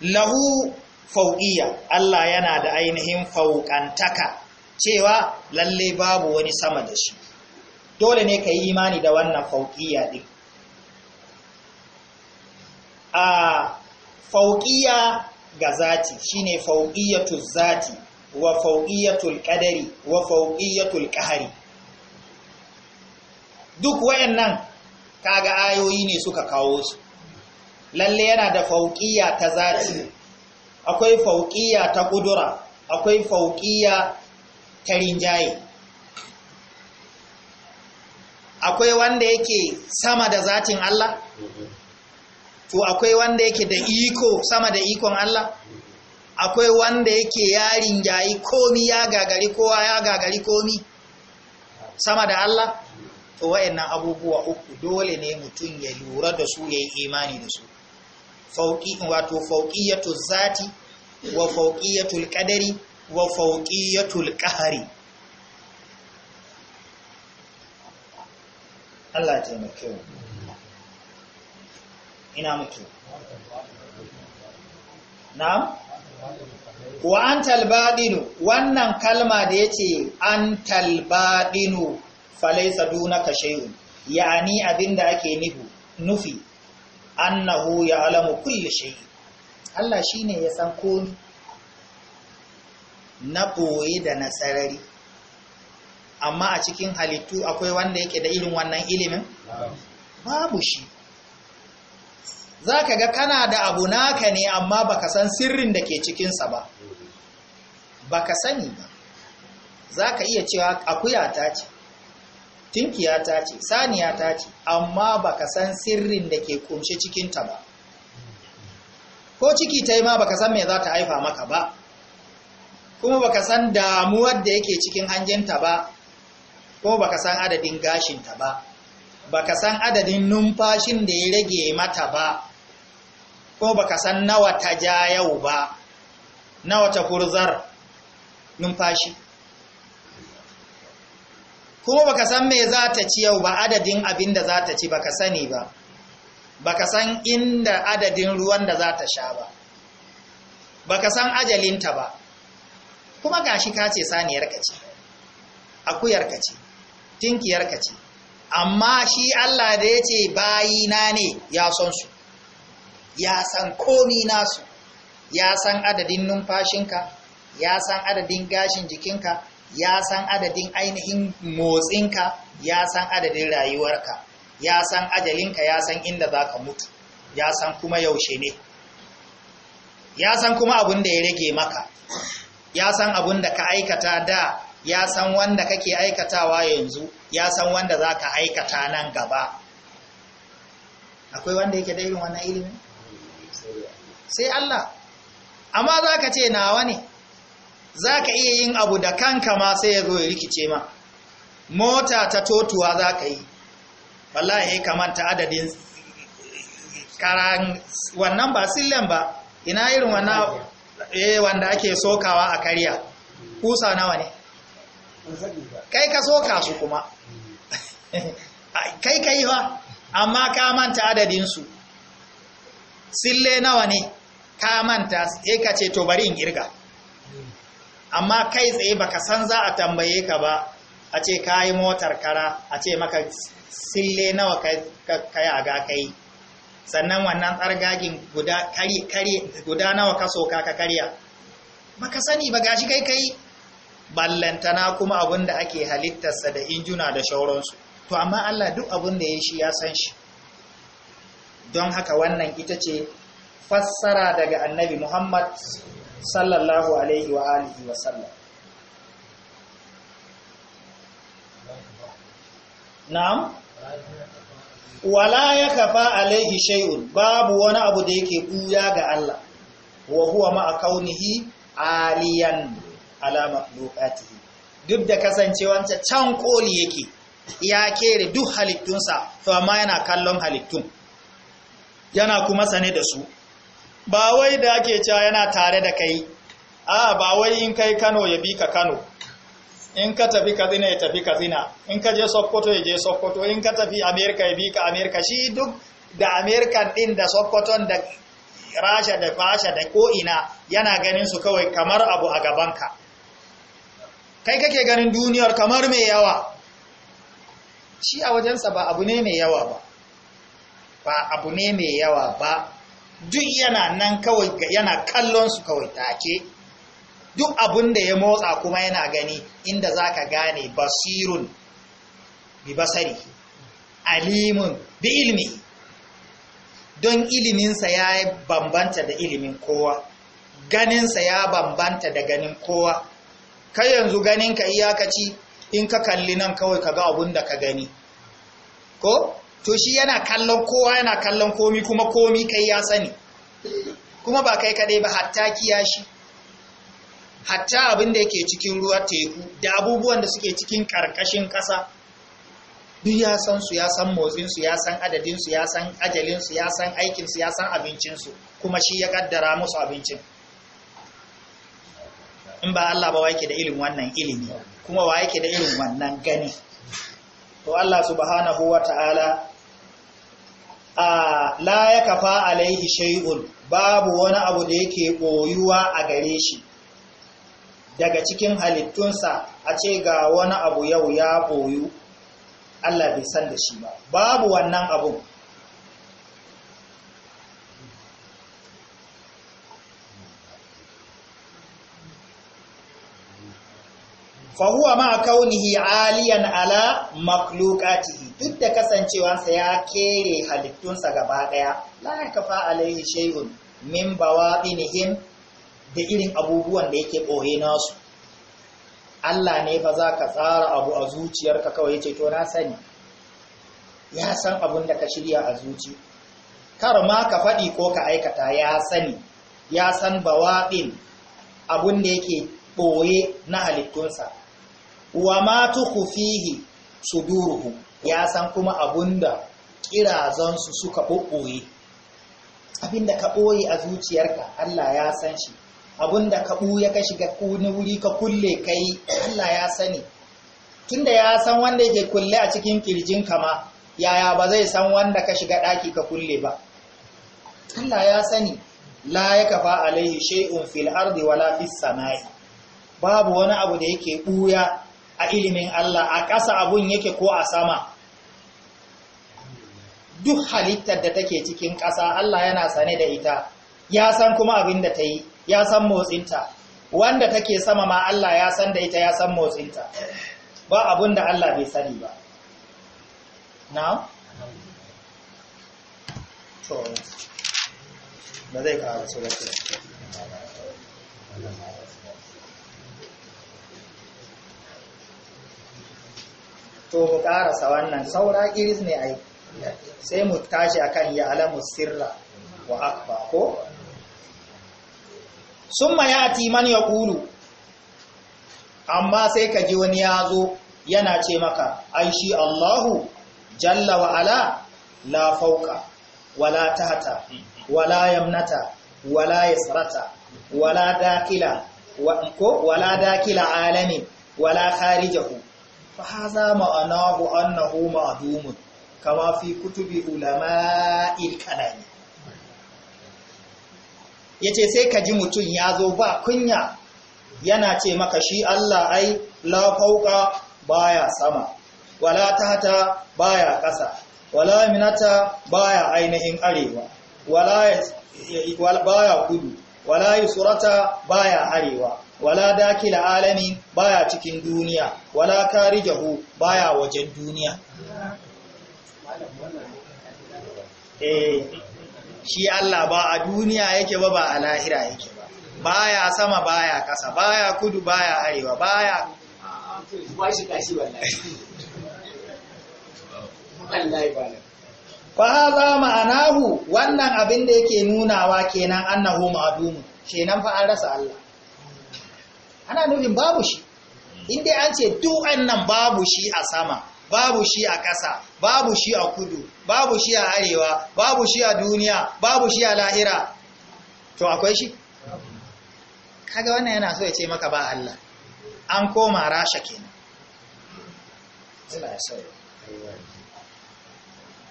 S1: lahu fauƙiya Allah yana da ainihin fauƙantaka cewa lalle babu wani sama da shi dole ne ka imani da wannan fauƙiya ɗin a fauƙiya ga zati shine fauƙiyatul zati wa fauƙiyatul ƙadari wa fauƙiyatul ƙahari duk wayannan kaga ayoyi ne suka kawo su lalle yana da fauqiya ta zati akwai fauqiya ta kudura akwai fauqiya ta rinjaye akwai wanda yake sama da zatin Allah to akwai wanda yake da iko sama da ikon Allah akwai wanda yake ya rinjayi komi ya gagari kowa ya gagari komi sama da Allah to wayannan abubuwa uku dole ne mutum ya lura da su yayin imani da su fauqi wato fauqiyatu zati wa fauqiyatul qadari wa fauqiyatul qahari Allah ya taimake mu ina mutu na'am wa antal badinu wannan kalma da yace antal badinu falaisa dunaka shay'un yani da ake nufi nufi annahu ya'lamu kulli shay'in Allah shine ya san komai na boye da na sarari amma a cikin halittu akwai wanda yake da irin wannan ilimin babu shi zaka ga kana da abu naka ne amma baka san sirrin da ke cikinsa ba baka sani ba zaka iya cewa akuya ta ce tinkiya ta ce saniya ta ce amma ba ka san sirrin da ke kunshe cikinta ba ko ciki ta yi ma ba ka san mai za ta haifa maka ba kuma ba ka san damuwar da yake cikin ta ba ko ba ka san adadin gashinta ba Ba ka san adadin numfashin da ya rage mata ba ko ba ka san nawa ta ja yau ba nawa ta furzar numfashi kuma baka san me za ta ci yau ba adadin abin da za ta ci baka sani ba baka san inda adadin ruwan da za ta sha ba baka san ajalinta ba kuma gashi ka ce saniyar ka ce akuyar ka ce tinkiyar ka ce amma shi Allah da ya ce na ne ya son su ya san komi nasu ya san adadin numfashinka ya san adadin gashin jikinka ya san adadin ainihin motsinka ya san adadin rayuwarka ya san ajalinka ya san inda za ka mutu ya san kuma yaushe ne ya san kuma abin da ya rage maka ya san abin da ka aikata da ya san wanda kake aikatawa yanzu ya san wanda za ka aikata nan gaba akwai wanda yake da irin wannan ilimin sai Allah amma za ka ce nawa ne za ka iya yin abu da kanka ma sai ya zo ya rikice ma mota ta totuwa za ka yi wallahi ya eh, kamanta adadin karan wannan ba silen ba ina irin wannan eh, wanda ake sokawa a kariya. kusa nawa ne kai ka soka su kuma kai ka yi ba amma ka manta adadinsu. sille nawa ne ka manta sai ka ce to bari in girga amma kai tsaye baka san za a tambaye ka ba a ce ka yi motar kara a ce maka sille nawa ka yaga ka yi sannan wannan tsargagin guda nawa ka soka ka karya baka sani ba gashi kai kai ballantana kuma abin da ake halittarsa da injuna da shauransu to amma Allah duk abin da ya shi ya san shi don haka wannan ita ce fassara daga annabi Muhammad sallallahu alaihi wa alihi wa sallam na'am wala ya kafa alaihi shay'un babu wani abu da yake buya ga Allah wa huwa ma'a kaunihi aliyan ala makhluqatihi duk da kasancewanta can koli yake ya kere duk halittunsa to amma yana kallon halittun yana kuma sane da su ba wai da ake cewa yana tare da kai a ba wai in kai Kano ya bi ka Kano in ka tafi Katsina ya tafi Katsina in ka je Sokoto ya je Sokoto in ka tafi Amerika ya bi ka Amerika, shi duk da amerikan din da Sokoton da Rasha da Fasha da ko'ina yana ganin su kawai kamar abu a gabanka kai kake ganin duniyar kamar mai yawa shi a wajensa ba abu ne mai yawa ba ba abu ne mai yawa ba duk yana nan kawai yana kallon su kawai take duk abun da ya motsa kuma yana gani inda zaka gane basirun bi basari alimun bi ilmi don iliminsa ya bambanta da ilimin kowa ganinsa ya bambanta da ganin kowa ka yanzu ka iyakaci in ka kalli nan kawai ka ga abun da ka gani ko to shi yana kallon kowa yana kallon komi kuma komi kai ya sani kuma ba kai kadai ba hatta kiyashi hatta abin da yake cikin ruwa teku da abubuwan da suke cikin karkashin kasa duk ya san su ya san motsin su ya san adadin su ya san ajalin su ya san aikin su ya san abincin su kuma shi ya kaddara musu abincin in ba Allah ba wake da irin wannan ilimi kuma wa yake da irin wannan gani to Allah subhanahu wa ta'ala a la ya kafa alaihi shai'un babu wani abu da yake ɓoyuwa a gare shi daga cikin halittunsa a ce ga wani abu yau ya boyu Allah bai san da shi ba babu wannan abun fahuwa ma kaunihi aliyan ala makhluqatihi duk da kasancewansa ya kere halittunsa gaba daya la kafa alaihi shay'un min bawaqinihim da irin abubuwan da yake boye nasu Allah ne fa ka tsara abu a zuciyarka kawai yace to na sani ya san abun da ka shirya a zuci kar ma ka faɗi ko ka aikata ya sani ya san bawaqin abun da yake ɓoye na halittunsa wa ma tukhfihi suduruhu ya san kuma abunda kirazan su suka boboye abinda ka boye a zuciyarka Allah ya san shi abunda ka buya ka shiga kuni wuri ka kulle kai Allah ya sani tunda ya san wanda yake kulle a cikin kirjin ma, yaya ba zai san wanda ka shiga daki ka kulle ba Allah ya sani la yakafa alaihi shay'un fil ardi wala fis samai babu wani abu da yake buya a ilimin Allah a ƙasa abun yake ko a sama duk halittar da take cikin ƙasa Allah yana sane da ita ya san kuma abin da ta yi ya san motsinta wanda take sama ma Allah ya san da ita ya san motsinta ba abin da Allah bai sani ba na? to ba zai su ba to mu karasa wannan saura iris ne ai sai mu tashi akan ya alamu sirra wa akba ko summa yati man yaqulu amma sai ka ji wani ya zo yana ce maka ai shi Allahu jalla wa ala la fauka wala tahta wala yamnata wala yasrata wala dakila wa ko wala dakila alami wala kharijahu fa haza ma'anahu annahu ma'dumun kama fi kutubi ulama'il Ya yace sai ka ji mutum ya zo ba kunya yana ce maka shi Allah ai la fauka baya sama wala tahta baya ƙasa wala minata baya ainihin arewa wala baya kudu wala surata baya arewa wala dakila alamin baya cikin duniya wala karijahu baya wajen duniya eh shi Allah ba a duniya yake ba ba a lahira yake ba baya sama baya kasa baya kudu baya arewa baya fa haza ma'anahu wannan abin da yake nunawa kenan annahu ma'dum kenan fa an rasa Allah ana nufin babu shi in an ce du'an nan babu shi a sama babu shi a ƙasa babu shi a kudu babu shi a arewa babu shi a duniya babu shi a lahira to akwai shi kaga wannan yana so ya ce maka ba Allah an koma rasha kenan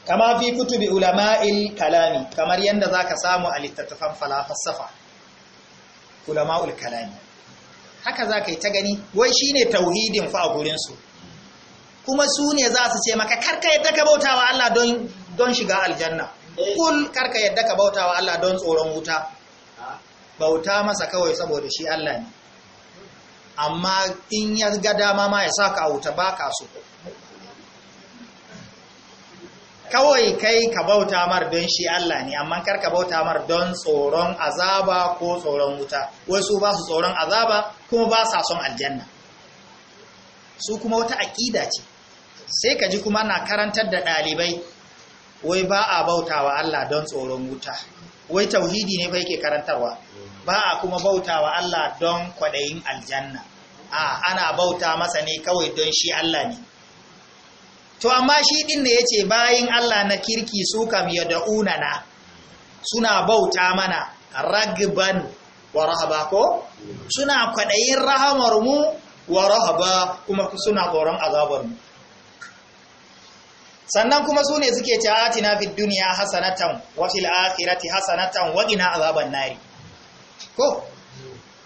S1: kama fi kutubi ulama'il kalami kamar yadda za ka samu a littattafan Ulama ulama'ul kalami haka za ka yi ta gani wai shi ne tauhidin fa a gurinsu kuma su ne za su ce maka karka yadda ka bauta wa Allah don shiga aljanna eh. kul karka yadda ka bauta wa Allah don tsoron wuta bauta masa kawai saboda shi Allah ne amma in ya ga dama ma ya saka a wuta ba ka so kawai kai ka bauta mar don shi Allah ne amma kar ka bauta mar don tsoron azaba ko tsoron wuta wasu ba su tsoron azaba kuma ba sa son aljanna su kuma wata aƙida ce sai ka ji kuma na karantar da ɗalibai wai ba a bautawa Allah don tsoron wuta wai tauhidi ne fa yake karantarwa ba a kuma bautawa Allah don kwaɗayin aljanna a ana bauta masa ne kawai don shi Allah ne to amma shi da ne ce, bayan Allah na kirki su kam ya da'una na suna bauta mana ragban wa rahaba ko suna kwaɗayin rahamarmu wa rahaba kuma suna tsoron azabarmu? sannan kuma su ne suke ce na fid duniya hasanatan wa fil akhirati hasanatan wa azabar azaban nari ko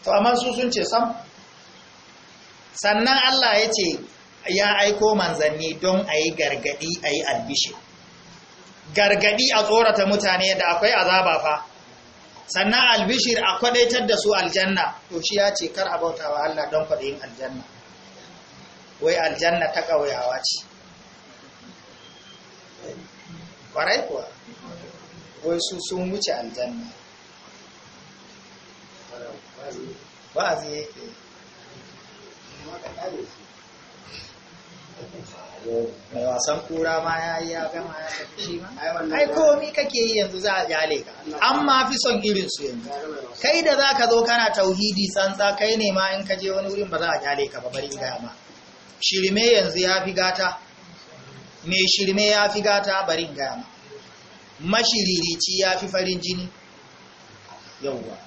S1: to amma su sun ce sam sannan Allah ya ce ya aiko manzanni don a yi gargadi a yi albishi gargadi a tsorata mutane da akwai azaba fa sannan albishir a kwadaitar da su aljanna to shi ya ce kar a bauta wa Allah don kwadayin aljanna wai aljanna ta ƙauyawa ce ƙwarai kuwa wai su sun wuce aljanna wa'azi yake mai wasan kura ma ya yi ya gama ya shi ma ai komi kake yi yanzu za a jale ka an ma fi son irin su yanzu kai da za ka zo kana tauhidi tsantsa kai ne ma in ka je wani wurin ba za a jale ka ba bari gaya ma shirme yanzu ya fi gata Me shirme ya fi gata bari gaya ma mashiririci ya fi farin jini yauwa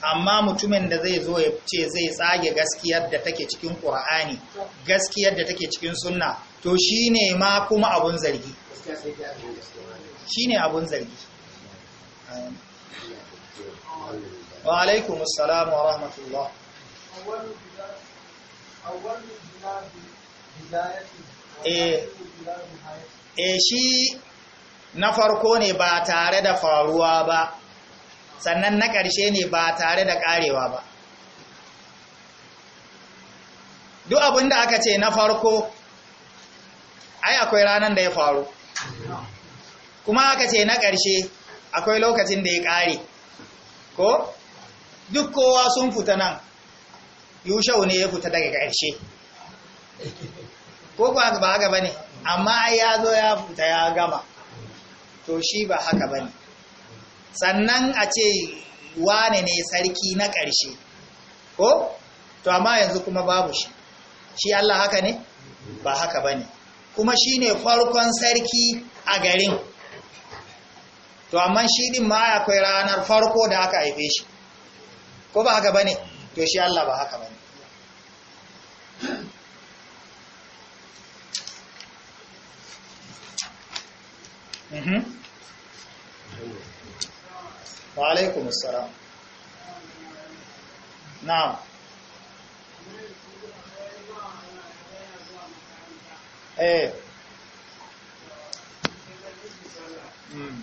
S1: amma mutumin da zai zo ya ce zai tsage gaskiyar da take cikin ƙur'ani gaskiyar da take cikin sunna to shine ma kuma abun zargi Shi ne abun zargi wa alaikum assalam wa rahmatullah E, shi na farko ne ba tare da faruwa ba sannan na ƙarshe ne ba tare da ƙarewa ba duk abin da aka ce na farko ai akwai ranar da ya faru kuma aka ce na ƙarshe akwai lokacin da ya ƙare ko duk kowa sun fita nan yushau ne ya fita daga ƙarshe ko ba haka ba ne amma ya zo ya fita ya gama to shi ba haka ba ne sannan a ce wane ne sarki na ƙarshe ko to amma yanzu kuma babu shi shi Allah haka ne ba haka bane kuma shine farkon sarki a garin to amma shi din ma akwai ranar farko da aka haife shi ko ba haka bane to shi Allah ba haka bane mhm mm wa alaikum assalam eh. Hmm.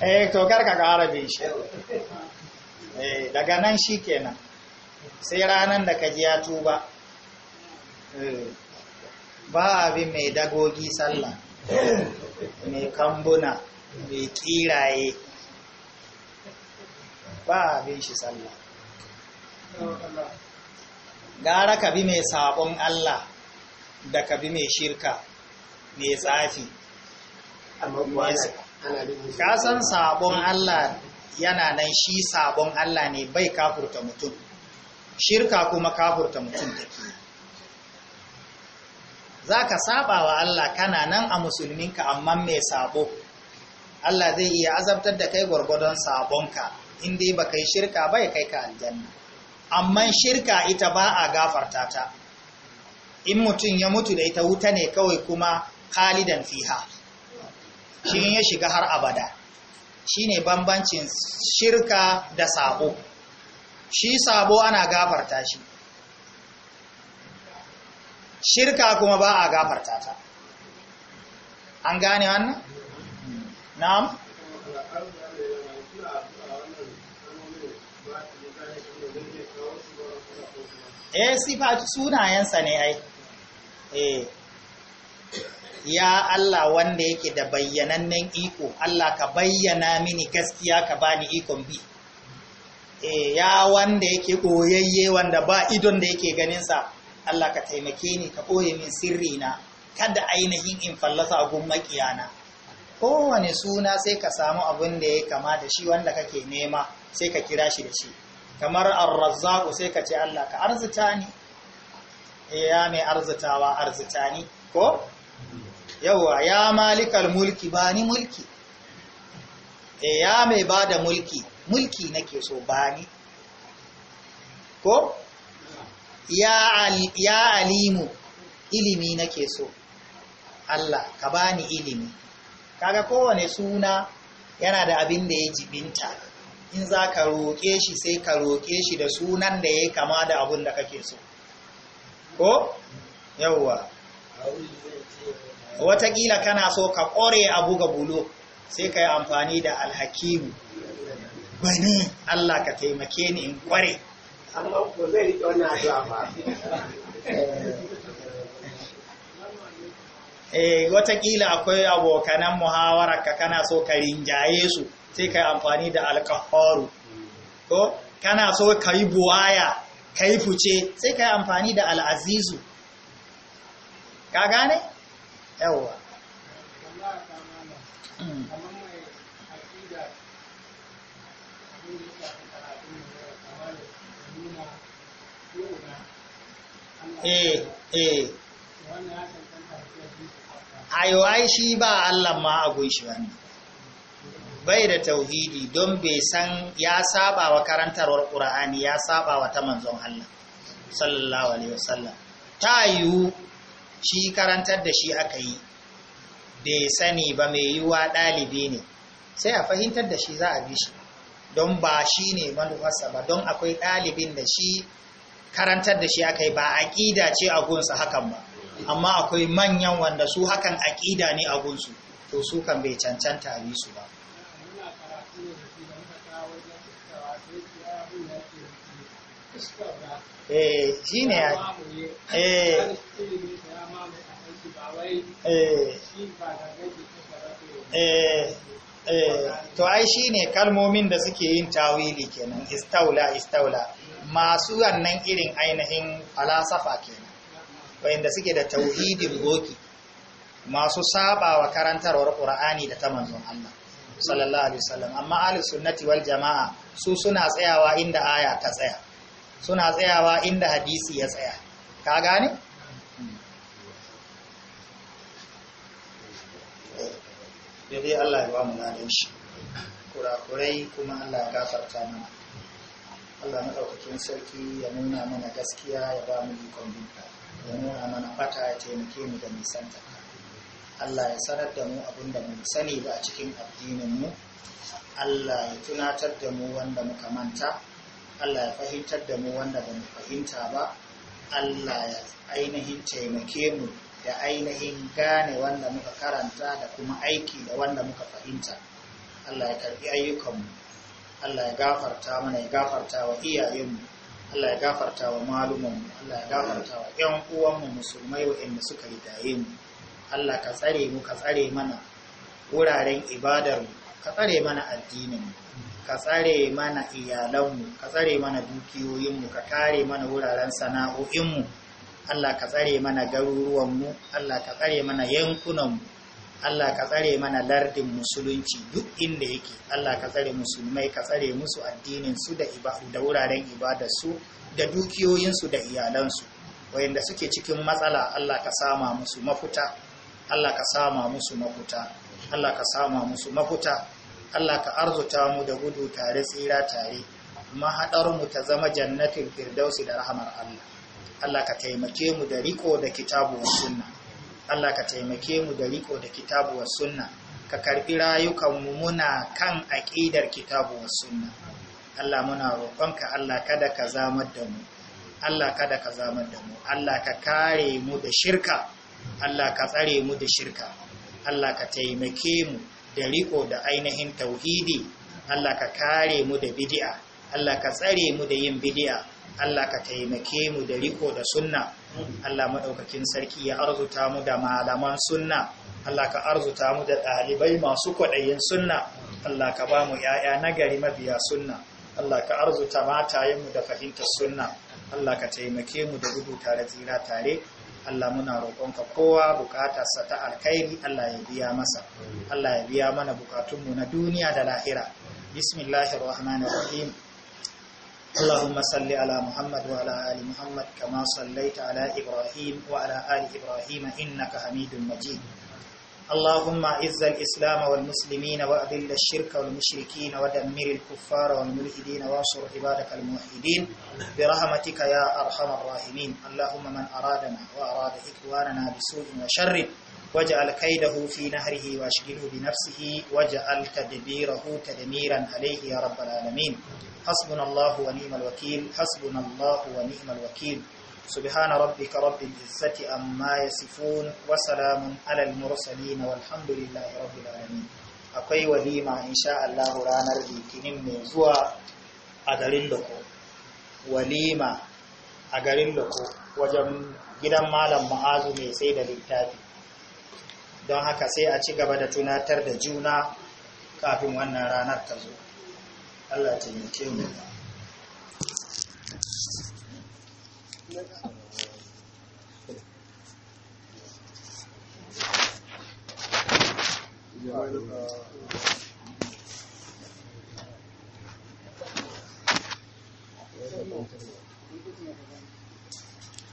S1: eh to karka kara bin shi eh daga nan shi kenan, sai ranan da ka ji ya tuba eh. ba abin mai dagogi sallah mai kambuna mai kiraye ba abin shi sallah gara ka bi mai sabon Allah da ka bi mai shirka mai tsafi san sabon Allah yana nan shi sabon Allah ne bai kafurta mutum shirka kuma kafurta mutum take za ka saba wa Allah kana nan a musulminka amma mai sabo Allah zai iya azabtar da kai gwargwadon sabonka in dai ba kai shirka ba ya kai ka aljanna amma shirka ita ba a gafarta ta in mutum ya mutu da ita wuta ne kawai kuma khalidan fiha shi ya shiga har abada Shi ne bambancin shirka da sabo shi sabo ana gafarta shi shirka kuma ba a gafarta ta an gane wannan na'am eh sifa sunayensa ne ai eh ya Allah wanda yake da bayyanannen iko Allah ka bayyana mini gaskiya ka bani ikon bi eh ya wanda yake koyayye wanda ba idon da yake ganinsa Allah ka taimake ni ka ɓoye min sirri na kada ainihin in fallasa abun na. kowane suna sai ka samu abun da ya kama da shi wanda kake nema sai ka kira shi da shi kamar ku sai ka ce Allah ka arzita ni eh, ya mai arzitawa arzita ni ko yawa ya malikal mulki ba ni mulki eh, ya mai ba da mulki mulki nake so ba bani ko ya alimu ilimi nake so Allah ka bani ilimi kaga kowane suna yana da abin da ya jibinta in za ka roƙe shi sai ka roƙe shi da sunan da ya kama da abin da kake so ko yawwa watakila kana so ka ƙware abu ga bulo sai ka yi amfani da alhakimu bani Allah ka taimake ni in ƙware amma ko zai riƙe wannan addu'a ba eh, eh watakila akwai abokanan muhawara ka kana so ka rinjaye su sai kai amfani da alƙahoru ko kana so ka yi buwaya ka yi fice sai kai amfani da al'azizu ka gane? yawwa hmm. eh eh ai shi ba Allah ma a shi wani bai da tauhidi don bai san ya saba wa karantarwar ƙura'ani ya saba wa ta manzon Allah sallallahu alaihi wasallam ta yiwu shi karantar da shi aka yi bai sani ba mai yiwuwa ɗalibi ne sai a fahimtar da shi za a bi shi don ba shi ne manufarsa ba don akwai ɗalibin da shi karantar da shi aka yi ba aƙida ce a gunsu hakan ba amma akwai manyan wanda su hakan aƙida ne a gunsu to su kan bai cancanta a su ba eh, shi eh. Eh, eh to ai shi ne kalmomin da suke yin tawili kenan istaula istaula masu wannan irin ainihin falasafa kenan wayanda suke da tauhidin boki masu saba wa karantarwar qur'ani da ta manzon Allah sallallahu alaihi wasallam amma ahlus sunnati wal jamaa su suna tsayawa inda aya ta tsaya suna tsayawa inda hadisi ya tsaya ka gane dai Allah ya ba mu ladan shi kurakurai kuma Allah ya gafarta mana Allah maɗaukakin sarki ya nuna mana gaskiya ya ba mu ikon binta ya nuna mana fata ya taimake mu da nisanta Allah ya sanar da mu abin da mu sani ba a cikin mu, Allah ya tunatar da mu wanda muka manta Allah ya fahimtar da mu wanda ba mu fahimta ba Allah ya ainihin taimake mu da ainihin gane wanda muka karanta da kuma aiki da wanda muka fahimta Allah ya karbi ayyukanmu Allah ya gafarta mana ya gafarta wa iyayenmu Allah ya gafarta wa malumanmu Allah ya gafarta wa ƴan uwanmu musulmai waɗanda suka yi daye mu Allah ka tsare mu ka tsare mana wuraren ibadarmu ka tsare mana addininmu ka tsare mana iyalanmu ka tsare mana dukiyoyinmu ka kare mana wuraren sana'o'inmu Allah ka tsare mana garuruwanmu Allah ka tsare mana yankunanmu Allah ka tsare mana lardin musulunci duk inda yake Allah ka tsare musulmai ka tsare musu addinin su da da wuraren ibada su da dukiyoyin su da iyalansu. su wayanda suke cikin matsala Allah ka sama musu mafuta Allah ka sama musu mafuta Allah ka sama musu mafuta Allah ka arzuta mu da gudu tare tsira tare mahadar mu ta zama jannatin firdausi da rahmar Allah Allah ka taimake mu da riko da kitabu sunna Allah ka taimake mu da riko da kitabu wa sunna ka karbi rayukanmu muna kan aƙidar kitabu wa sunna Allah muna roƙonka Allah kada ka zamar da mu Allah kada ka zamar da mu Allah ka kare mu da shirka Allah ka tsare mu da shirka Allah ka taimake mu da riko da ainihin tauhidi Allah ka kare mu da bid'a Allah ka tsare mu da yin bid'a Allah ka taimake mu da riko da sunna Allah maɗaukakin sarki ya arzuta mu da malaman sunna Allah ka arzuta mu da ɗalibai masu kwaɗayin sunna Allah ka ba mu ‘ya'ya gari mabiya sunna Allah ka arzuta matayenmu da fahimtar sunna Allah ka taimake mu da gudu tare tsira tare Allah muna roƙonka kowa buƙatarsa ta alkhairi Allah ya biya masa Allah ya biya mana buƙatunmu na duniya da lahira Bismillahirrahmanirrahim rahim اللهم صل على محمد وعلى آل محمد كما صليت على إبراهيم وعلى آل إبراهيم إنك حميد مجيد اللهم عز الإسلام والمسلمين وأذل الشرك والمشركين ودمر الكفار والملحدين وانصر عبادك الموحدين برحمتك يا أرحم الراحمين اللهم من أرادنا وأراد إخواننا بسوء وشر waj'al kaydahu fi nahrihi wa shidhu bi nafsihi waj'al tadbirahu tadmiran alayhi ya rabbal hasbunallahu wa ni'mal wakeel hasbunallahu wa ni'mal wakeel subhana rabbika rabbil izzati amma ya wa salamun alal mursalin walhamdulillahi rabbil alamin akwai walima insha Allah ranar litinin mai zuwa a garin doko walima a garin doko wajen gidan malam ma'azu mai sai da littafi don haka sai a ci gaba da tunatar da juna kafin wannan ranar ta zo allah taimake mu Yeah,